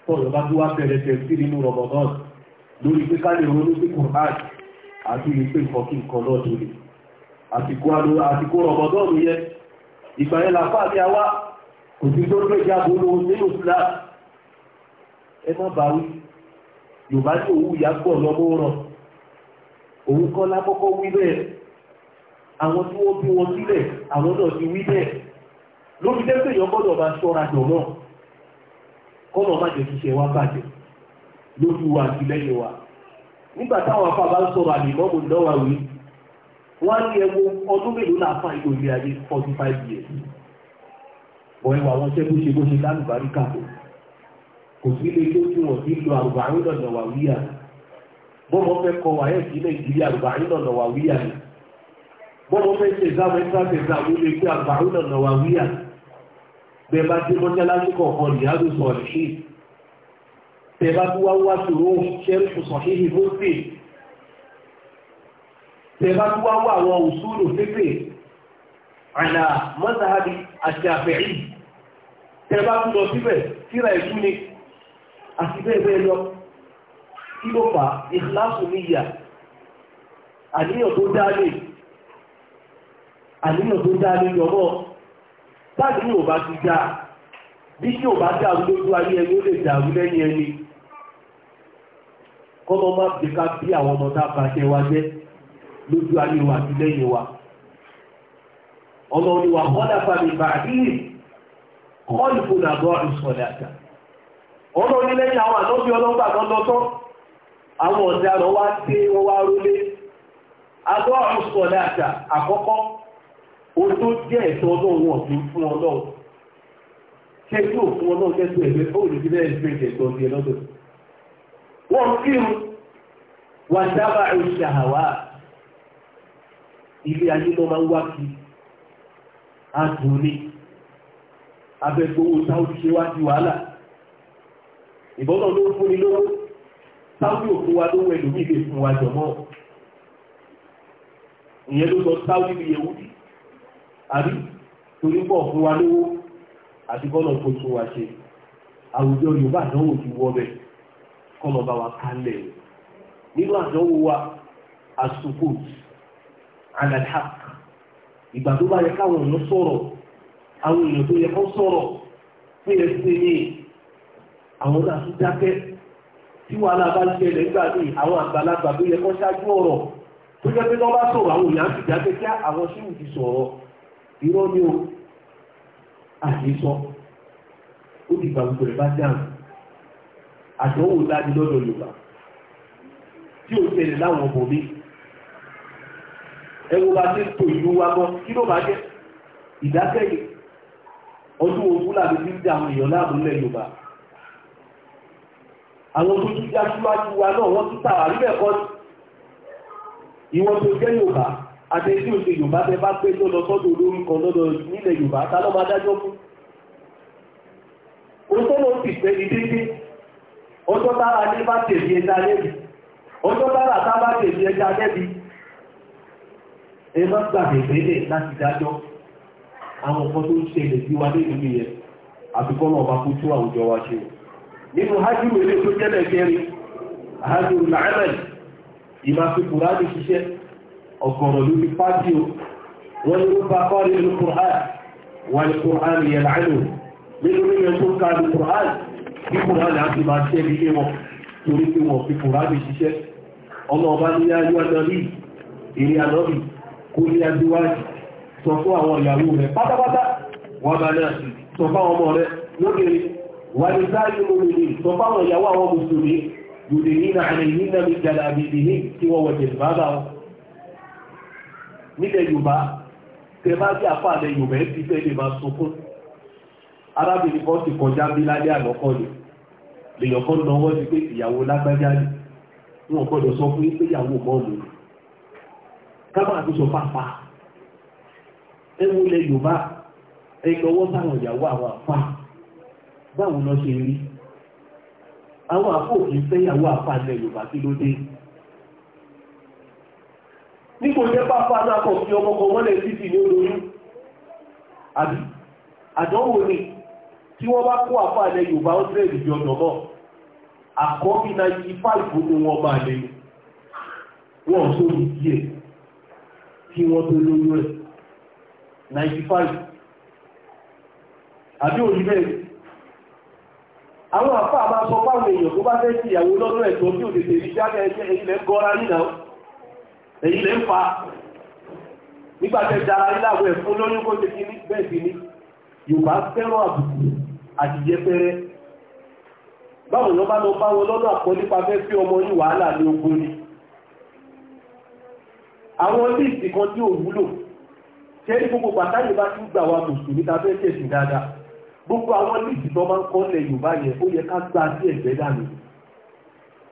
tọ́lọ̀ bá tó wá bẹ̀rẹ̀ tẹ̀ sí nínú rọ̀mọ̀dán lórí pé ká lè ronú sí Quran àti ìpè nǹkan kí nǹkan náà tó lè àsìkò rọ̀mọ̀dán yẹn ìgbà yẹn làpá àti àwa kò sí tó gbé ìjà bolo nínú Islam ẹ má bá wí Yorùbá ní òwú ìyá pọ̀ lọ́mọ rọ̀ òun kọ́ lákọ́kọ́ wí bẹ́ẹ̀ àwọn tí wọ́n bí wọn sílẹ̀ àwọn náà ti wí bẹ́ẹ̀ lórí tẹ́sẹ̀ yọ gbọ́dọ̀ máa ṣọ́ra jọ náà kọ́nà má jẹ́ ṣiṣẹ́ wá bàjẹ́ lójú wa àti lẹ́yìn wa nígbà táwọn afá bá ń sọ̀rọ̀ àlìmọ́mù náà wí wọ́n á ní ẹwọ ọdún mélòó láàfà ìlú ilé ayé forty five years ọ̀rẹ́ wa wọ́n ṣẹ́ bó ṣe bó ṣe lálùbárí kàkó kò sí ilé tó tún wọ̀ sí lo àrùbárí lọ́nà wà wíyà bọ́mọ fẹ́ kọ wáyé sí nàìjíríà àrùbárí lọ́nà wà wíyà bọ́mọ fẹ́ ṣe exam exam exam ó lè pé àrùbárí lọ́nà wà wíyà bẹ́ẹ̀ bá dé mọ́ṣáláṣí kọ̀ọ̀kan nìyàdó sọ̀rọ̀ ṣe bẹ́ẹ̀ bá tún wá wá ṣòro ṣẹ́rìṣù sọ̀híhì mọ́sè bẹ́ẹ̀ bá tún wá wá àwọn òṣùlù pépè àlà mọ́sáhábì àti àfẹ̀rí bẹ́ẹ̀ bá lọ síbẹ̀ síra ìtú ni àti bẹ́ẹ̀ bẹ́ẹ̀ lọ kí ló fà ìhlásù níyà àníyàn tó dá lé àníyàn tó dá lé yọmọ́ táàdì yóò bá ti dáa bí kí ò bá lójú ayé ẹni ó lè dàrú lẹ́yìn ẹni kọ́mọ má fi ká bí àwọn ọmọ tá bá ṣe wa jẹ́ lójú ayé wa àti lẹ́yìn wa ọmọ oníwà kọ́dà fàmì bàdílì kọ́ọ̀lù fún àgọ́ ìsọ̀lẹ̀ àjà ọmọ onílẹ́yìn àwọn àlọ́bí ọlọ́gbà kan lọ́tọ́ àwọn wá dé wọ́n wá ó tó jẹ́ ẹ̀tọ́ ọlọ́run ọ̀tún fún ọlọ́run ṣé tí ò fún ọlọ́run jẹ́ tó ẹ̀gbẹ́ ó lè fi bẹ́ẹ̀ ṣe ìṣẹ̀tọ́ ti ẹlọ́dọ̀ wọ́n kírun wà dábàá ìṣàwá ilé ayé ló máa ń wá kí àdùnní abẹ́gbowó sáwọ́dì ṣe wá sí wàhálà ìbọ́nà ló fún ni lówó sáwọ́dì òkú wa lówó ẹlòmíì lè fún wa jọ̀mọ́ ìyẹn ló sọ sáwọ́dì àbí torí pọ̀ fún wa lówó àti kọ́nà kó tún wa ṣe àwùjọ yorùbá àdánwò ti wọ́ bẹ́ẹ̀ kọ́nà bá wa kálẹ̀ nínú àdánwò wa asukut alalhaq ìgbà tó bá yẹ káwọn èèyàn sọ̀rọ̀ àwọn èèyàn tó yẹ kó sọ̀rọ̀ tó yẹ ṣe ní àwọn náà tún dákẹ́ tí wàhálà bá ṣẹlẹ̀ nígbà àwọn àgbàlagbà tó yẹ kó ṣáájú ọ̀rọ̀ tó yẹ pé tó bá sọ̀rọ̀ àwọn èèyàn ti dákẹ́ kí àwọn irọ́ ni o àṣìṣọ ó ti gbà gbogbo rẹ̀ bá dáhùn àtọ́wò láti lọ́dọ̀ Yorùbá tí ó tẹ̀lé láwọn ọmọ mi ẹwọ bá ti tò ìlú wa mọ́ kí ló bá jẹ́ ìdákẹ́yìn ọdún ogun láti fi ń dá àwọn èèyàn láàmú lẹ́ Yorùbá àwọn tó tún já síwájú wa náà wọ́n tún tàwárí bẹ́ẹ̀ kọ́ ìwọ́n tó jẹ́ Yorùbá àtẹ́jú òṣè yorùbá tẹ bá pé tó lọ sọ́dọ̀ olórúkọ lọ́dọ̀ nílẹ̀ yorùbá ta ló máa dájọ́ fún òṣèlú ti fẹ́ ní ọjọ́ tára ní bá tẹ̀lé ẹja lẹ́bi ọjọ́ tára tá bá tẹ̀lé ẹja lẹ́bi ẹ má gbàgbé láti dájọ́ àwọn nǹkan tó ṣẹlẹ̀ sí wa nínú ọ̀gọ̀rọ̀ lórí pàtí o wọ́n ni ó bá kọ́rí ìlú Kùrán wọ́n ni Kùrán yẹ̀ láàánú nínú mímọ̀ tó ká ní Kùrán bí Kùrán láti máa ṣẹ́ ní ilé wọn torí pé wọ́n fi Kùrán lè ṣiṣẹ́ ọmọ ọba ní ayé ànábì ìrìn ànábì kó ní adúwájú sọ fún àwọn ìyàwó rẹ̀ pátápátá wọ́n bá náà nílẹ̀ yorùbá tẹ bá bí apá àlẹ yorùbá ẹ ti fẹ́ lè máa sunkún arábìnrin kan ti kọjá bí lálẹ́ àlọ́kọ́ ni lèèyàn kan náwó ti pé ìyàwó lágbájá ni wọn gbọ́dọ̀ sọ fún yín pé ìyàwó mọ́ọ̀mù ni ká máa tó sọ pápá ẹ wúlẹ̀ yorùbá ẹ lọ́wọ́ sáwọn ìyàwó àwọn àfa báwo lọ ṣe rí àwọn àfọ òkè fẹ́ ìyàwó àfa ilẹ̀ yorùbá kí ló dé nípò jẹ́ pápá alákọ̀ fi ọmọkọ̀ mọ́lẹ̀ títì ní olóyún àbí àdánwò ni tí wọ́n bá kó àfà ilẹ̀ Yorùbá ó tẹ́lẹ̀ ìjọ ọ̀nà náà àkọ́bí na yí fáìfù ní wọn máa lè wọ́n tó ní díẹ̀ kí wọ́n tó lóyún rẹ̀ 95 àbí òní bẹ́ẹ̀ àwọn àfà máa sọ fáwọn èèyàn tó bá fẹ́ sí ìyàwó lọ́dún ẹ̀tọ́ bí òdèdè ìjáde ẹgbẹ́ èyí lè ń fa nígbàtẹ́ jara iláwọ̀ ẹ̀fún lóyún kó ṣe kí ní bẹ́ẹ̀ sí ní Yorùbá fẹ́ràn àbùkù àti yẹpẹrẹ báwo lọ bá lọ bá wọn lọ́nà àpọ̀ nípa fẹ́ sí ọmọ ní wàhálà ní ogun ni àwọn líìsì kan tí ò wúlò ṣe ní gbogbo pàtàkì bá tún gbà wa mùsùlùmí ta fẹ́ ṣẹ̀sìn dáadáa gbogbo àwọn líìsì tó máa ń kọ́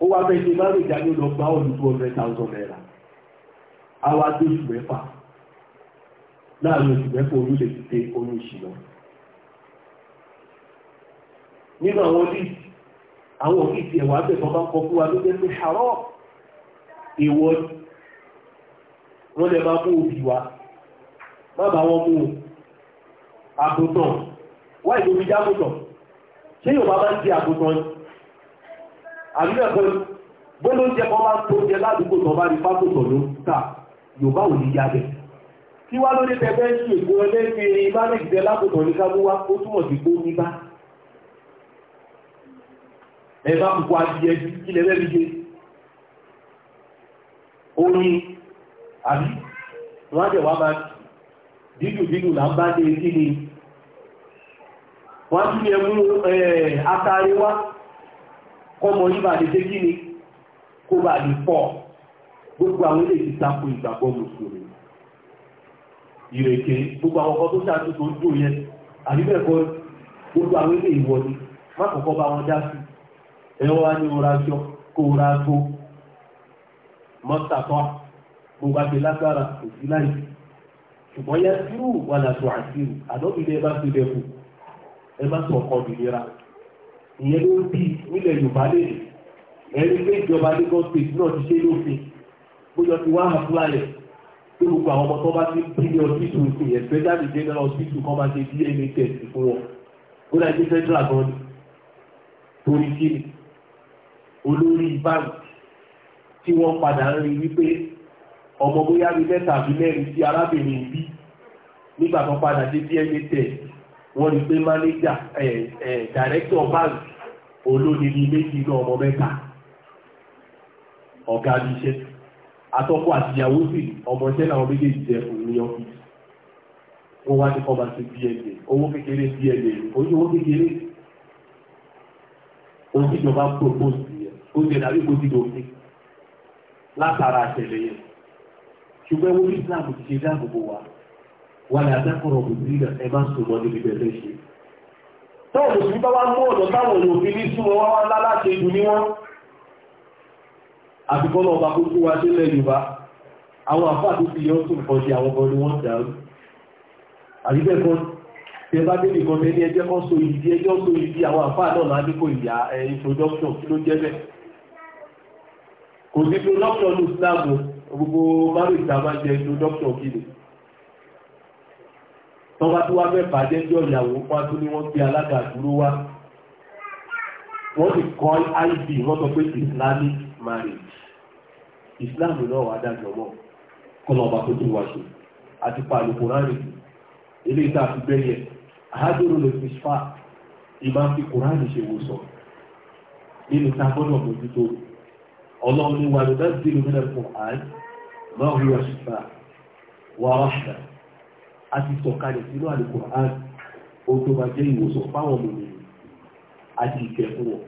ó wá bẹ́ẹ̀ ṣe bá rè jáde lọ gba ọ̀nù two hundred thousand naira àwa dé oṣù mẹ́fà láàrin oṣù mẹ́fà oyún lè ti dé oyún ìṣìlọ nínú àwọn líì àwọn òkè tí ẹ̀wà bẹ̀rẹ̀ bá kọ fún wa ló jẹ́ pé ṣàrọ̀ ìwọ wọ́n lè máa mú òbí wa má bá wọn mú àgùntàn wáyé omi jágùntàn ṣé Yorùbá máa ń di àgùntàn ni àbí ẹ̀kọ́ bóló jẹ kọ́ bá tó jẹ ládùúgbò tó bá rí pátó tọ̀ ló ta yorùbá ò ní yá bẹ̀. kí wá lórí tẹfẹ́ sí èkó ẹlẹ́gbẹ̀ẹ́ imáàlẹ́gbẹ̀ jẹ lákòótọ̀ ní kábúwá ó túmọ̀ sí kó ní bá. ẹ bá kúkú adìyẹ bí kílẹ̀ bẹ́ẹ̀ fi ṣe. orin àbí wọ́n jẹ̀ wá máa dídùn dídùn là ń bá dé kí ni. wọ́n tún yẹ mú atari wá kọ́mọ yìí bá lè dé kí ni kó bá lè pọ̀ gbogbo àwọn ilé ti tako ìgbàgbọ́ mùsùlùmí ìrèké gbogbo àwọn ọkọ tó ṣáájú tó ń dò yẹn àbíbẹ̀kọ́ gbogbo àwọn ilé ìwọ ni má kọ́kọ́ bá wọn dá sí ẹ̀rọ wa ní ọ̀rá aṣọ kó ọ̀rá aṣọ mọ́tàkọ́ gbogbo àti lágbára kò sí láì ṣùgbọ́n yẹn sírù wà lásán àṣírù àdóbi ni ẹ bá ti lẹ́kù ẹ má sọ ọkọ bìnira ìyẹn ló bí nílẹ̀ Yorùbá lèdè ẹni pé ìjọba Lagos state náà ti ṣe lófin bóyọ ti wá àfúlàlẹ̀ pé gbogbo àwọn ọmọ tó bá ti bí ní ọsítù ìsìn yẹn federal general hospital kan máa ṣe DNA test fún wọn ó dájú federal gan ni torí kí ni olórí báńkì tí wọ́n padà ń rí wípé ọmọ bóyá rí mẹ́ta àbí mẹ́rin sí arábìnrin bí nígbà tó padà ṣe DNA test wọ́n rí pé mánéjà dàrẹ́tọ̀ báńkì olódìrí méjì náà ọmọ mẹ́ta ọ̀gá ní iṣẹ́ atọ́kọ àtìyàwó sì ọmọ iṣẹ́ làwọn méjèèjì jẹ òun ní ọ́fíìsì wọ́n wá ní kọ́mà sí DNA owó kékeré DNA oyún owó kékeré ohun tí ìjọba propose yẹn ó jẹ dàbí kó ti dòfin látara àṣẹlẹ yẹn ṣùgbọ́n owó Islam ti ṣe dáàbòbò wa wọ́n àtẹ́kùnrọ̀ bùbílẹ̀ ẹ bá sùnmọ́ níbi bẹ̀rẹ̀ ṣe tọ́ọ̀ mùsùlùmí bá wá mú ọ̀dọ̀ táwọn èèyàn fi ní súnmọ́ wá wá ńlá láti ìlú ní wọ́n àbíkọ́nà ọba gbogbo wa ṣe lẹ́yìn bá àwọn àfáà tó ti yọ sùn kọjí àwọn ọmọ ni wọ́n dàrú àríbẹ̀kọ́ tẹ bá dé nìkan tẹ ní ẹjẹ́ kan so ìdí ẹjọ́ so ìdí àwọn àfáà náà láti kó ìyá introduction kí ló jẹ́ bẹ́ẹ̀ kò sí introduction ní Islam gbogbo márùn-ún ìta máa tó bá tó wá mẹ́fà jẹ́jọ́ ìyàwó pa tó ní wọ́n gbé alága dúró wá wọ́n ti kọ́ iv wọ́n sọ pé islamic marriage islam náà wà dájọ́ mọ́ kọ́nà ọba tó ti wá ṣe àti pàlùkù rárẹ̀ ilé ìta àti bẹ́yẹ àádọ́rọ̀ lè fi fa ìmá fi kùránì ṣe wò sọ nínú ta gbọ́dọ̀ mójútó ọlọ́run ni wà lọ́dọ̀ dínú nílẹ̀ fún àárín máa ń wíwá ṣùgbọ́n a ti sọ̀kalẹ̀ sínú Al-Qur'an ohun tó bá jẹ́ ìwòsàn fáwọn ọmọ mi a ti ìkẹ́ fún wọn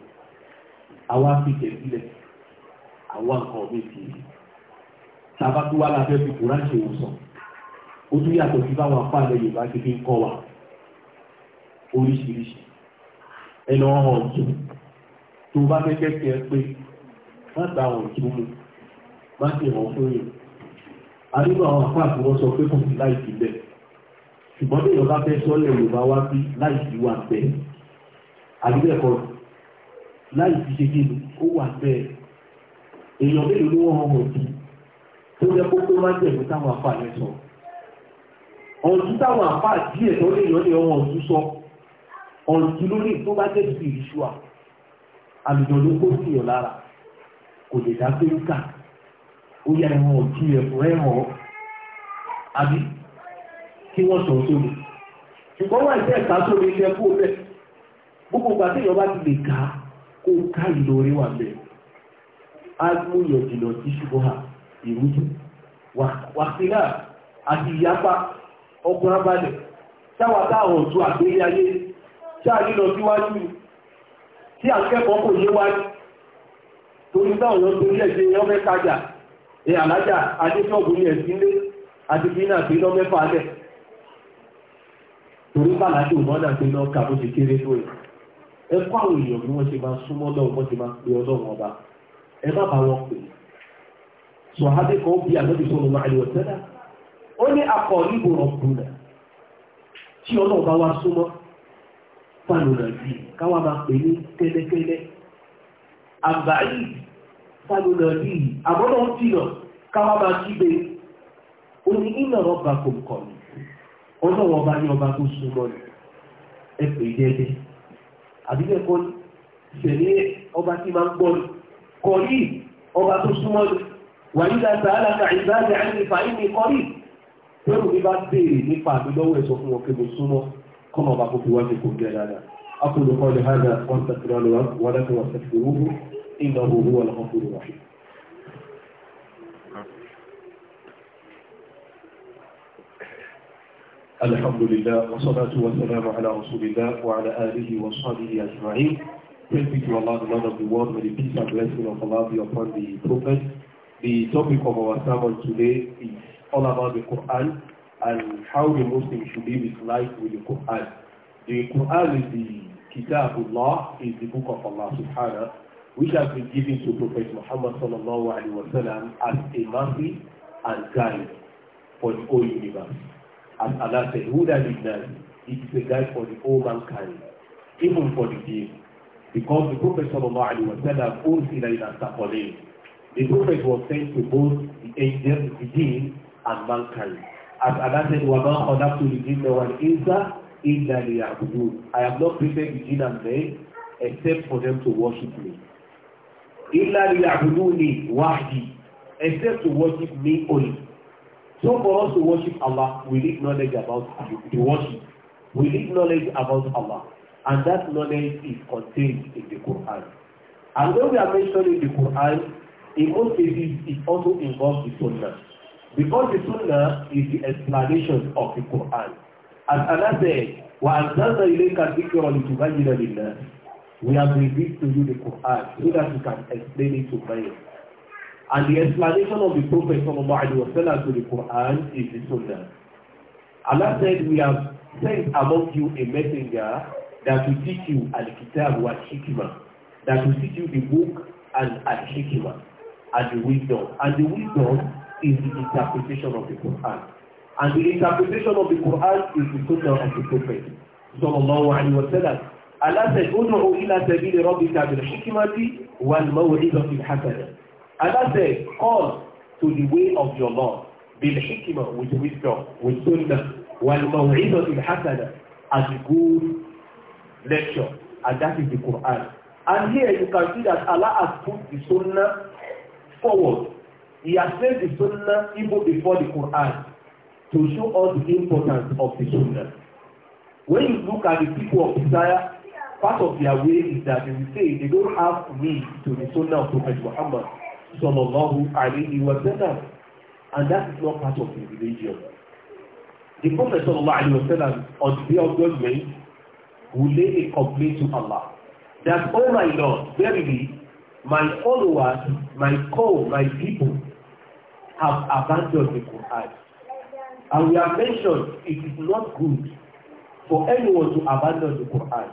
àwa fi sílẹ̀ àwa nǹkan mi ti sábà tó wà lábẹ́ fi Qur'an ṣe ìwòsàn ó tún yàtọ̀ sí báwọn afáàlẹ̀ Yorùbá ti fi ń kọ́ wa oríṣiríṣi ẹnu ọ̀hún ọ̀tún tó bá fẹ́ kẹ́kẹ́ pé má gba ọ̀hún ọ̀tún mu má sì hàn fún yìí. a nílò àwọn àpá àti pé kò sí láì sí bẹ́ẹ̀ ṣùgbọ́n bí ìyọba fẹ́ sọ́lẹ̀ yorùbá wá bí láì sí wà bẹ́ẹ̀ àdúgbẹ́kọ̀ láì sí ṣe kí ó wà bẹ́ẹ̀ èèyàn mélòó ló wọ́n hàn sí tó yẹ kó kó má jẹ̀bú táwọn afá yẹn sọ ọ̀dún táwọn afá díẹ̀ tó lè yọ ní ọmọ ọ̀dún sọ ọ̀dún lórí tó bá jẹ́ sí ìṣúà àlùjọ ló kó sí ìyàn lára kò lè dá pé ń kà ó yẹ ẹ̀hàn ọ̀dún kí wọ́n sọ sómi ṣùgbọ́n wà ìfẹ́ ẹ̀ka sómi ilẹ̀ kú gbogbo ìyọba ti lè ká kó ká ìlò orí wà bẹ́ẹ̀ á mú ìyọ̀jìnà sí ṣùgbọ́n ìrújú wàsílà àti ìyapa ọkùnrin abalẹ̀ táwa táwọn ọ̀tún àgbélé ayé tí a síwájú a kò yé wájú torí táwọn torí ẹ̀ṣẹ̀ mẹ́ta jà ẹ̀ àlájà ẹ̀sìn lé àti torí bàlá tí òun náà pé lọ́ọ̀kà bó ṣe kéré tó ẹ̀ ẹ kọ́ àwọn èèyàn bí wọ́n ṣe máa súnmọ́ lọ́wọ́ wọ́n ṣe máa pe ọlọ́run ọba ẹ má bá wọn pè kan bí máa lè ó ní níbo tí bá wá fàlùnà káwá máa pè ní fàlùnà àbọ̀dọ̀ ń káwá máa ọlọ́wọ́ bá ní ọba tó súnmọ́ rẹ̀ ẹ̀pẹ̀ ìdẹ́dẹ́ àbílẹ̀ kọ́ ní ṣẹ̀lẹ̀ ọba tí máa ń gbọ́ rẹ̀ kọ́ ní ọba tó súnmọ́ rẹ̀ wàyíká sàálà ka ìbáàdì àìní fàáyí ní kọ́ ní pẹ̀lú mi bá béèrè nípa àbílọ́wọ́ ẹ̀sọ́ fún ọkẹ́ mi súnmọ́ أقول قولي هذا وأستغفر الله ولكم واستغفروه إنه هو الغفور الرحيم الحمد لله والصلاة والسلام على رسول الله وعلى آله وصحبه أجمعين. Praise be to Allah, the Lord of the world, may the peace and blessing of Allah be upon the Prophet. The topic of our sermon today is all about the Quran and how the Muslim should live his life with the Quran. The Quran is the Kitab Allah, is the book of Allah subhanahu which has been given to Prophet Muhammad sallallahu alaihi wasallam as a mercy and guide for the whole universe. Allah said, "Who Huda Linnah, it is a guide for the whole mankind, even for the deen. Because the Prophet sallallahu alayhi wa sallam, Ursila ila Saqalain, the Prophet was sent to both the angels, the deen, and mankind. As Allah said, وَمَا خَلَقْتُ الْجِنَّ وَالْإِنسَ إِلَّا لِيَعْبُدُونَ I have not created the jinn and men except for them to worship me. إِلَّا لِيَعْبُدُونِي وَحْدِي Except to worship me only. So for us to worship Allah, we need knowledge about the worship. We need knowledge about Allah. And that knowledge is contained in the Quran. And when we are mentioning the Quran, in most cases, it also involves the Sunnah. Because the Sunnah is the explanation of the Quran. As Allah said, وَأَنْزَلْنَا إِلَيْكَ الذِّكْرَ لِتُبَيِّنَ لِلنَّاسِ We have revealed to you the Quran so that you can explain it to man. And the explanation of the Prophet وسلم to the Quran is the Sunnah. Allah said, we have sent among you a messenger that will teach you Al-Kitab wa Hikmah, that will teach you the book and Al-Hikmah, and the wisdom. And the wisdom is the interpretation of the Quran. And the interpretation of the Quran is the Sunnah of the Prophet. Sallallahu alayhi wa sallam. Allah said, ادعوا إلى سبيل ربك بالحكمة والموعظة الحسنة. And that a call to the way of your Lord. Bil-hikmah, with wisdom, with sunnah, wal-maw'idah al-hasana, and good lecture. And that is the Quran. And here you can see that Allah has put the sunnah forward. He has placed the sunnah even before the Quran to show us the importance of the sunnah. When you look at the people of desire, part of their way is that they will say they don't have need to the sunnah of Prophet Muhammad sallallahu alayhi wa sallam. And that is not part of the religion. The Prophet sallallahu alayhi wa sallam on the day of judgment will lay a complaint to Allah that, oh my Lord, verily, my followers, my call, my people have abandoned the Quran. And we have mentioned it is not good for anyone to abandon the Quran.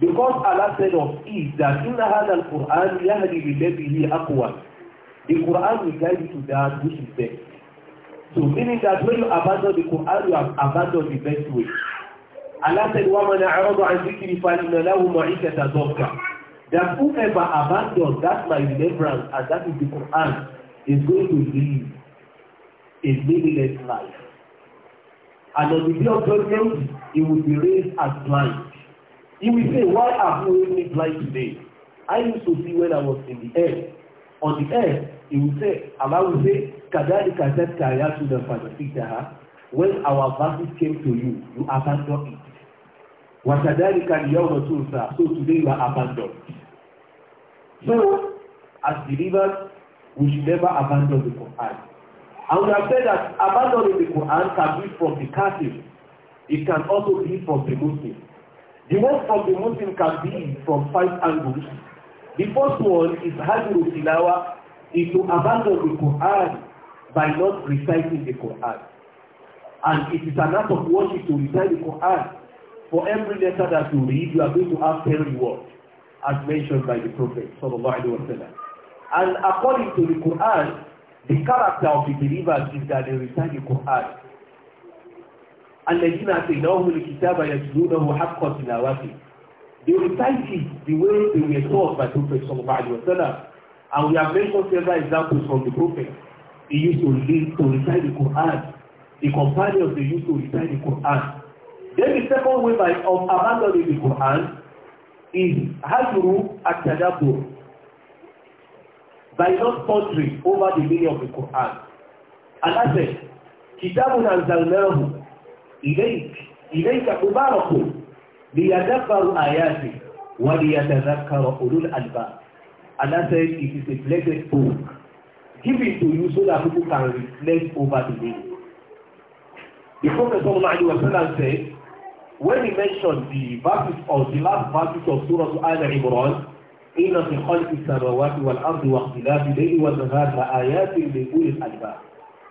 Because Allah said of it that, إِنَّ هَذَا الْقُرْآنِ يَهْدِي لِلَّذِي هِيَ أَقْوَمُ The Quran will guide you to that which is best. So meaning that when you abandon the Quran, you have abandoned the best way. Allah said, وَمَنْ أَعْرَضَ عَنْ ذِكْرِ فَإِنَّ لَهُ مَعِيشَةَ ضَنْكًا That whoever abandons that my remembrance, and that is the Quran, is going to live a meaningless life. And on the day of judgment, he will be raised as blind. He will say, Why are you made me blind today? I used to see when I was in the air. On the earth, he will say, Allah will say, Kadalika zatka ayatu la fanasitaha. When our verses came to you, you abandoned it. Wakadalika liyawma tunsa. So today you are abandoned. So, as believers, we should never abandon the Quran. I would have said that abandoning the Quran can be from the Catholic. It can also be from the Muslim. The word from the Muslim can be from five angles The first one is Hajru Tilawa is to abandon the Quran by not reciting the Quran. And it is an act of worship to recite the Quran. For every letter that you read, you are going to have 10 rewards, as mentioned by the Prophet. And according to the Quran, the character of the believers is that they recite the Quran. الذين آتيناهم الكتاب يتلونه حق تلاوته They the way they were taught by Prophet Sallallahu Alaihi Wasallam. And we have mentioned several examples from the Prophet. He used to lead to recite the Quran. The companions, they used to recite the Quran. Then the second way by, of abandoning the Quran is Hajru At-Tadabur. By not pondering over the meaning of the Quran. And I said, Kitabun Anzalnahu, Ilayk, Ilayka Mubarakun, liyadakaru ayati wa liyatadakara ulul alba Allah said it is a blessed book given to you so that people can reflect over the day the prophet sallallahu alaihi wasallam said when he mentioned the verses of the last verses of Surah Al-Imran إن في خلق السماوات والأرض واختلاف الليل والنهار لآيات لأولي alba,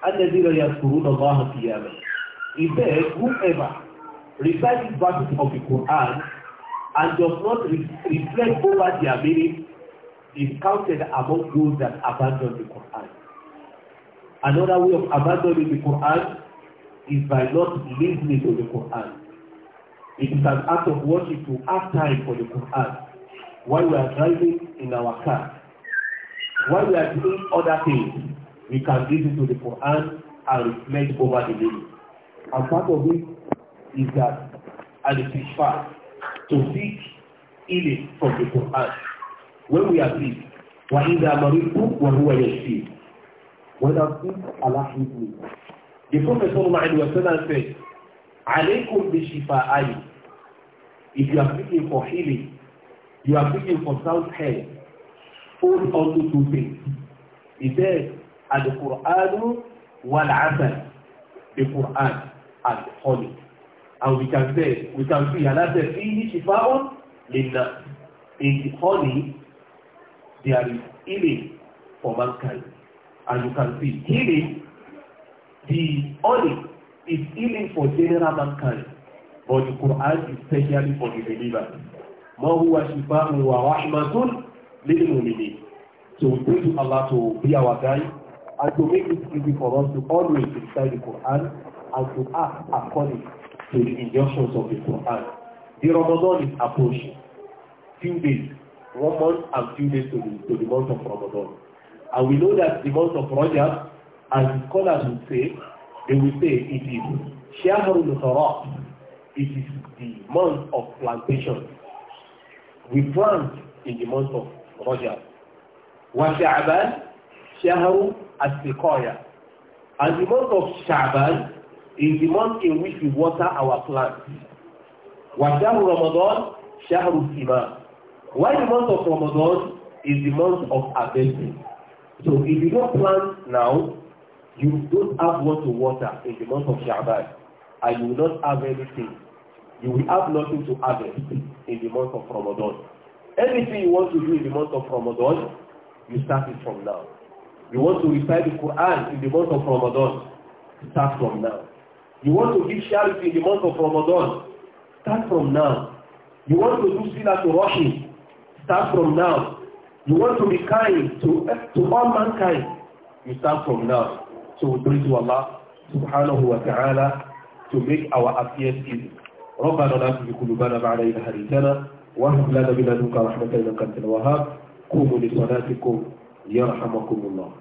الذين يذكرون الله قياما He said, whoever reciting verses of the Quran and does not re reflect over their meaning is counted among those that abandon the Quran. Another way of abandoning the Quran is by not listening to the Quran. It is an act of worship to have time for the Quran while we are driving in our car. While we are doing other things, we can listen to the Quran and reflect over the meaning. And part of it is that al-Kishfar, to seek healing from the Quran. When we are sick, وَإِذَا مَرِضْتُ وَهُوَ يَشْفِينِ When I'm sick, Allah heals me. The Prophet sallallahu alayhi wa sallam said, عَلَيْكُمْ بِشِفَاءَيْنِ If you are seeking for healing, you are seeking for sound health, hold on two things. He said, al-Qur'an wal-asal, the Quran and honey and we can say, we can see, and says, Inni shifa'un linna. In honey, there is healing for mankind. And you can see, healing, the honey is healing for general mankind. But the Quran is specially for the believers. Ma huwa shifa'un wa rahmatun lil mu'minin. So we pray to Allah to be our guide and to make it easy for us to always recite the Quran and to act accordingly to the injunctions of the Quran. The Ramadan is approaching. Few days, one month and few days to the, to the month of Ramadan. And we know that the month of Rajab, as the scholars would say, they will say it is Shaharul Kharab. It is the month of plantation. We plant in the month of Rajab. Wa Sha'ban, Shaharul Asiqaya. And the month of Sha'ban is the month in which we water our plants. Wa Ramadan, shahru sima. Why the month of Ramadan is the month of harvesting. So if you don't plant now, you don't have what to water in the month of Sha'ban, and you will not have anything. You will have nothing to harvest in the month of Ramadan. Anything you want to do in the month of Ramadan, you start it from now. You want to recite the Quran in the month of Ramadan, start from now. You want to give charity in the month of Ramadan? Start from now. You want to do sinner to Russian? Start from now. You want to be kind to, to all mankind? You start from now. So we pray to Allah subhanahu wa ta'ala to make our affairs easy. ربنا لا تزغ قلوبنا بعد إذ هديتنا وهب لنا من لدنك رحمة إنك أنت الوهاب قوموا لصلاتكم يرحمكم الله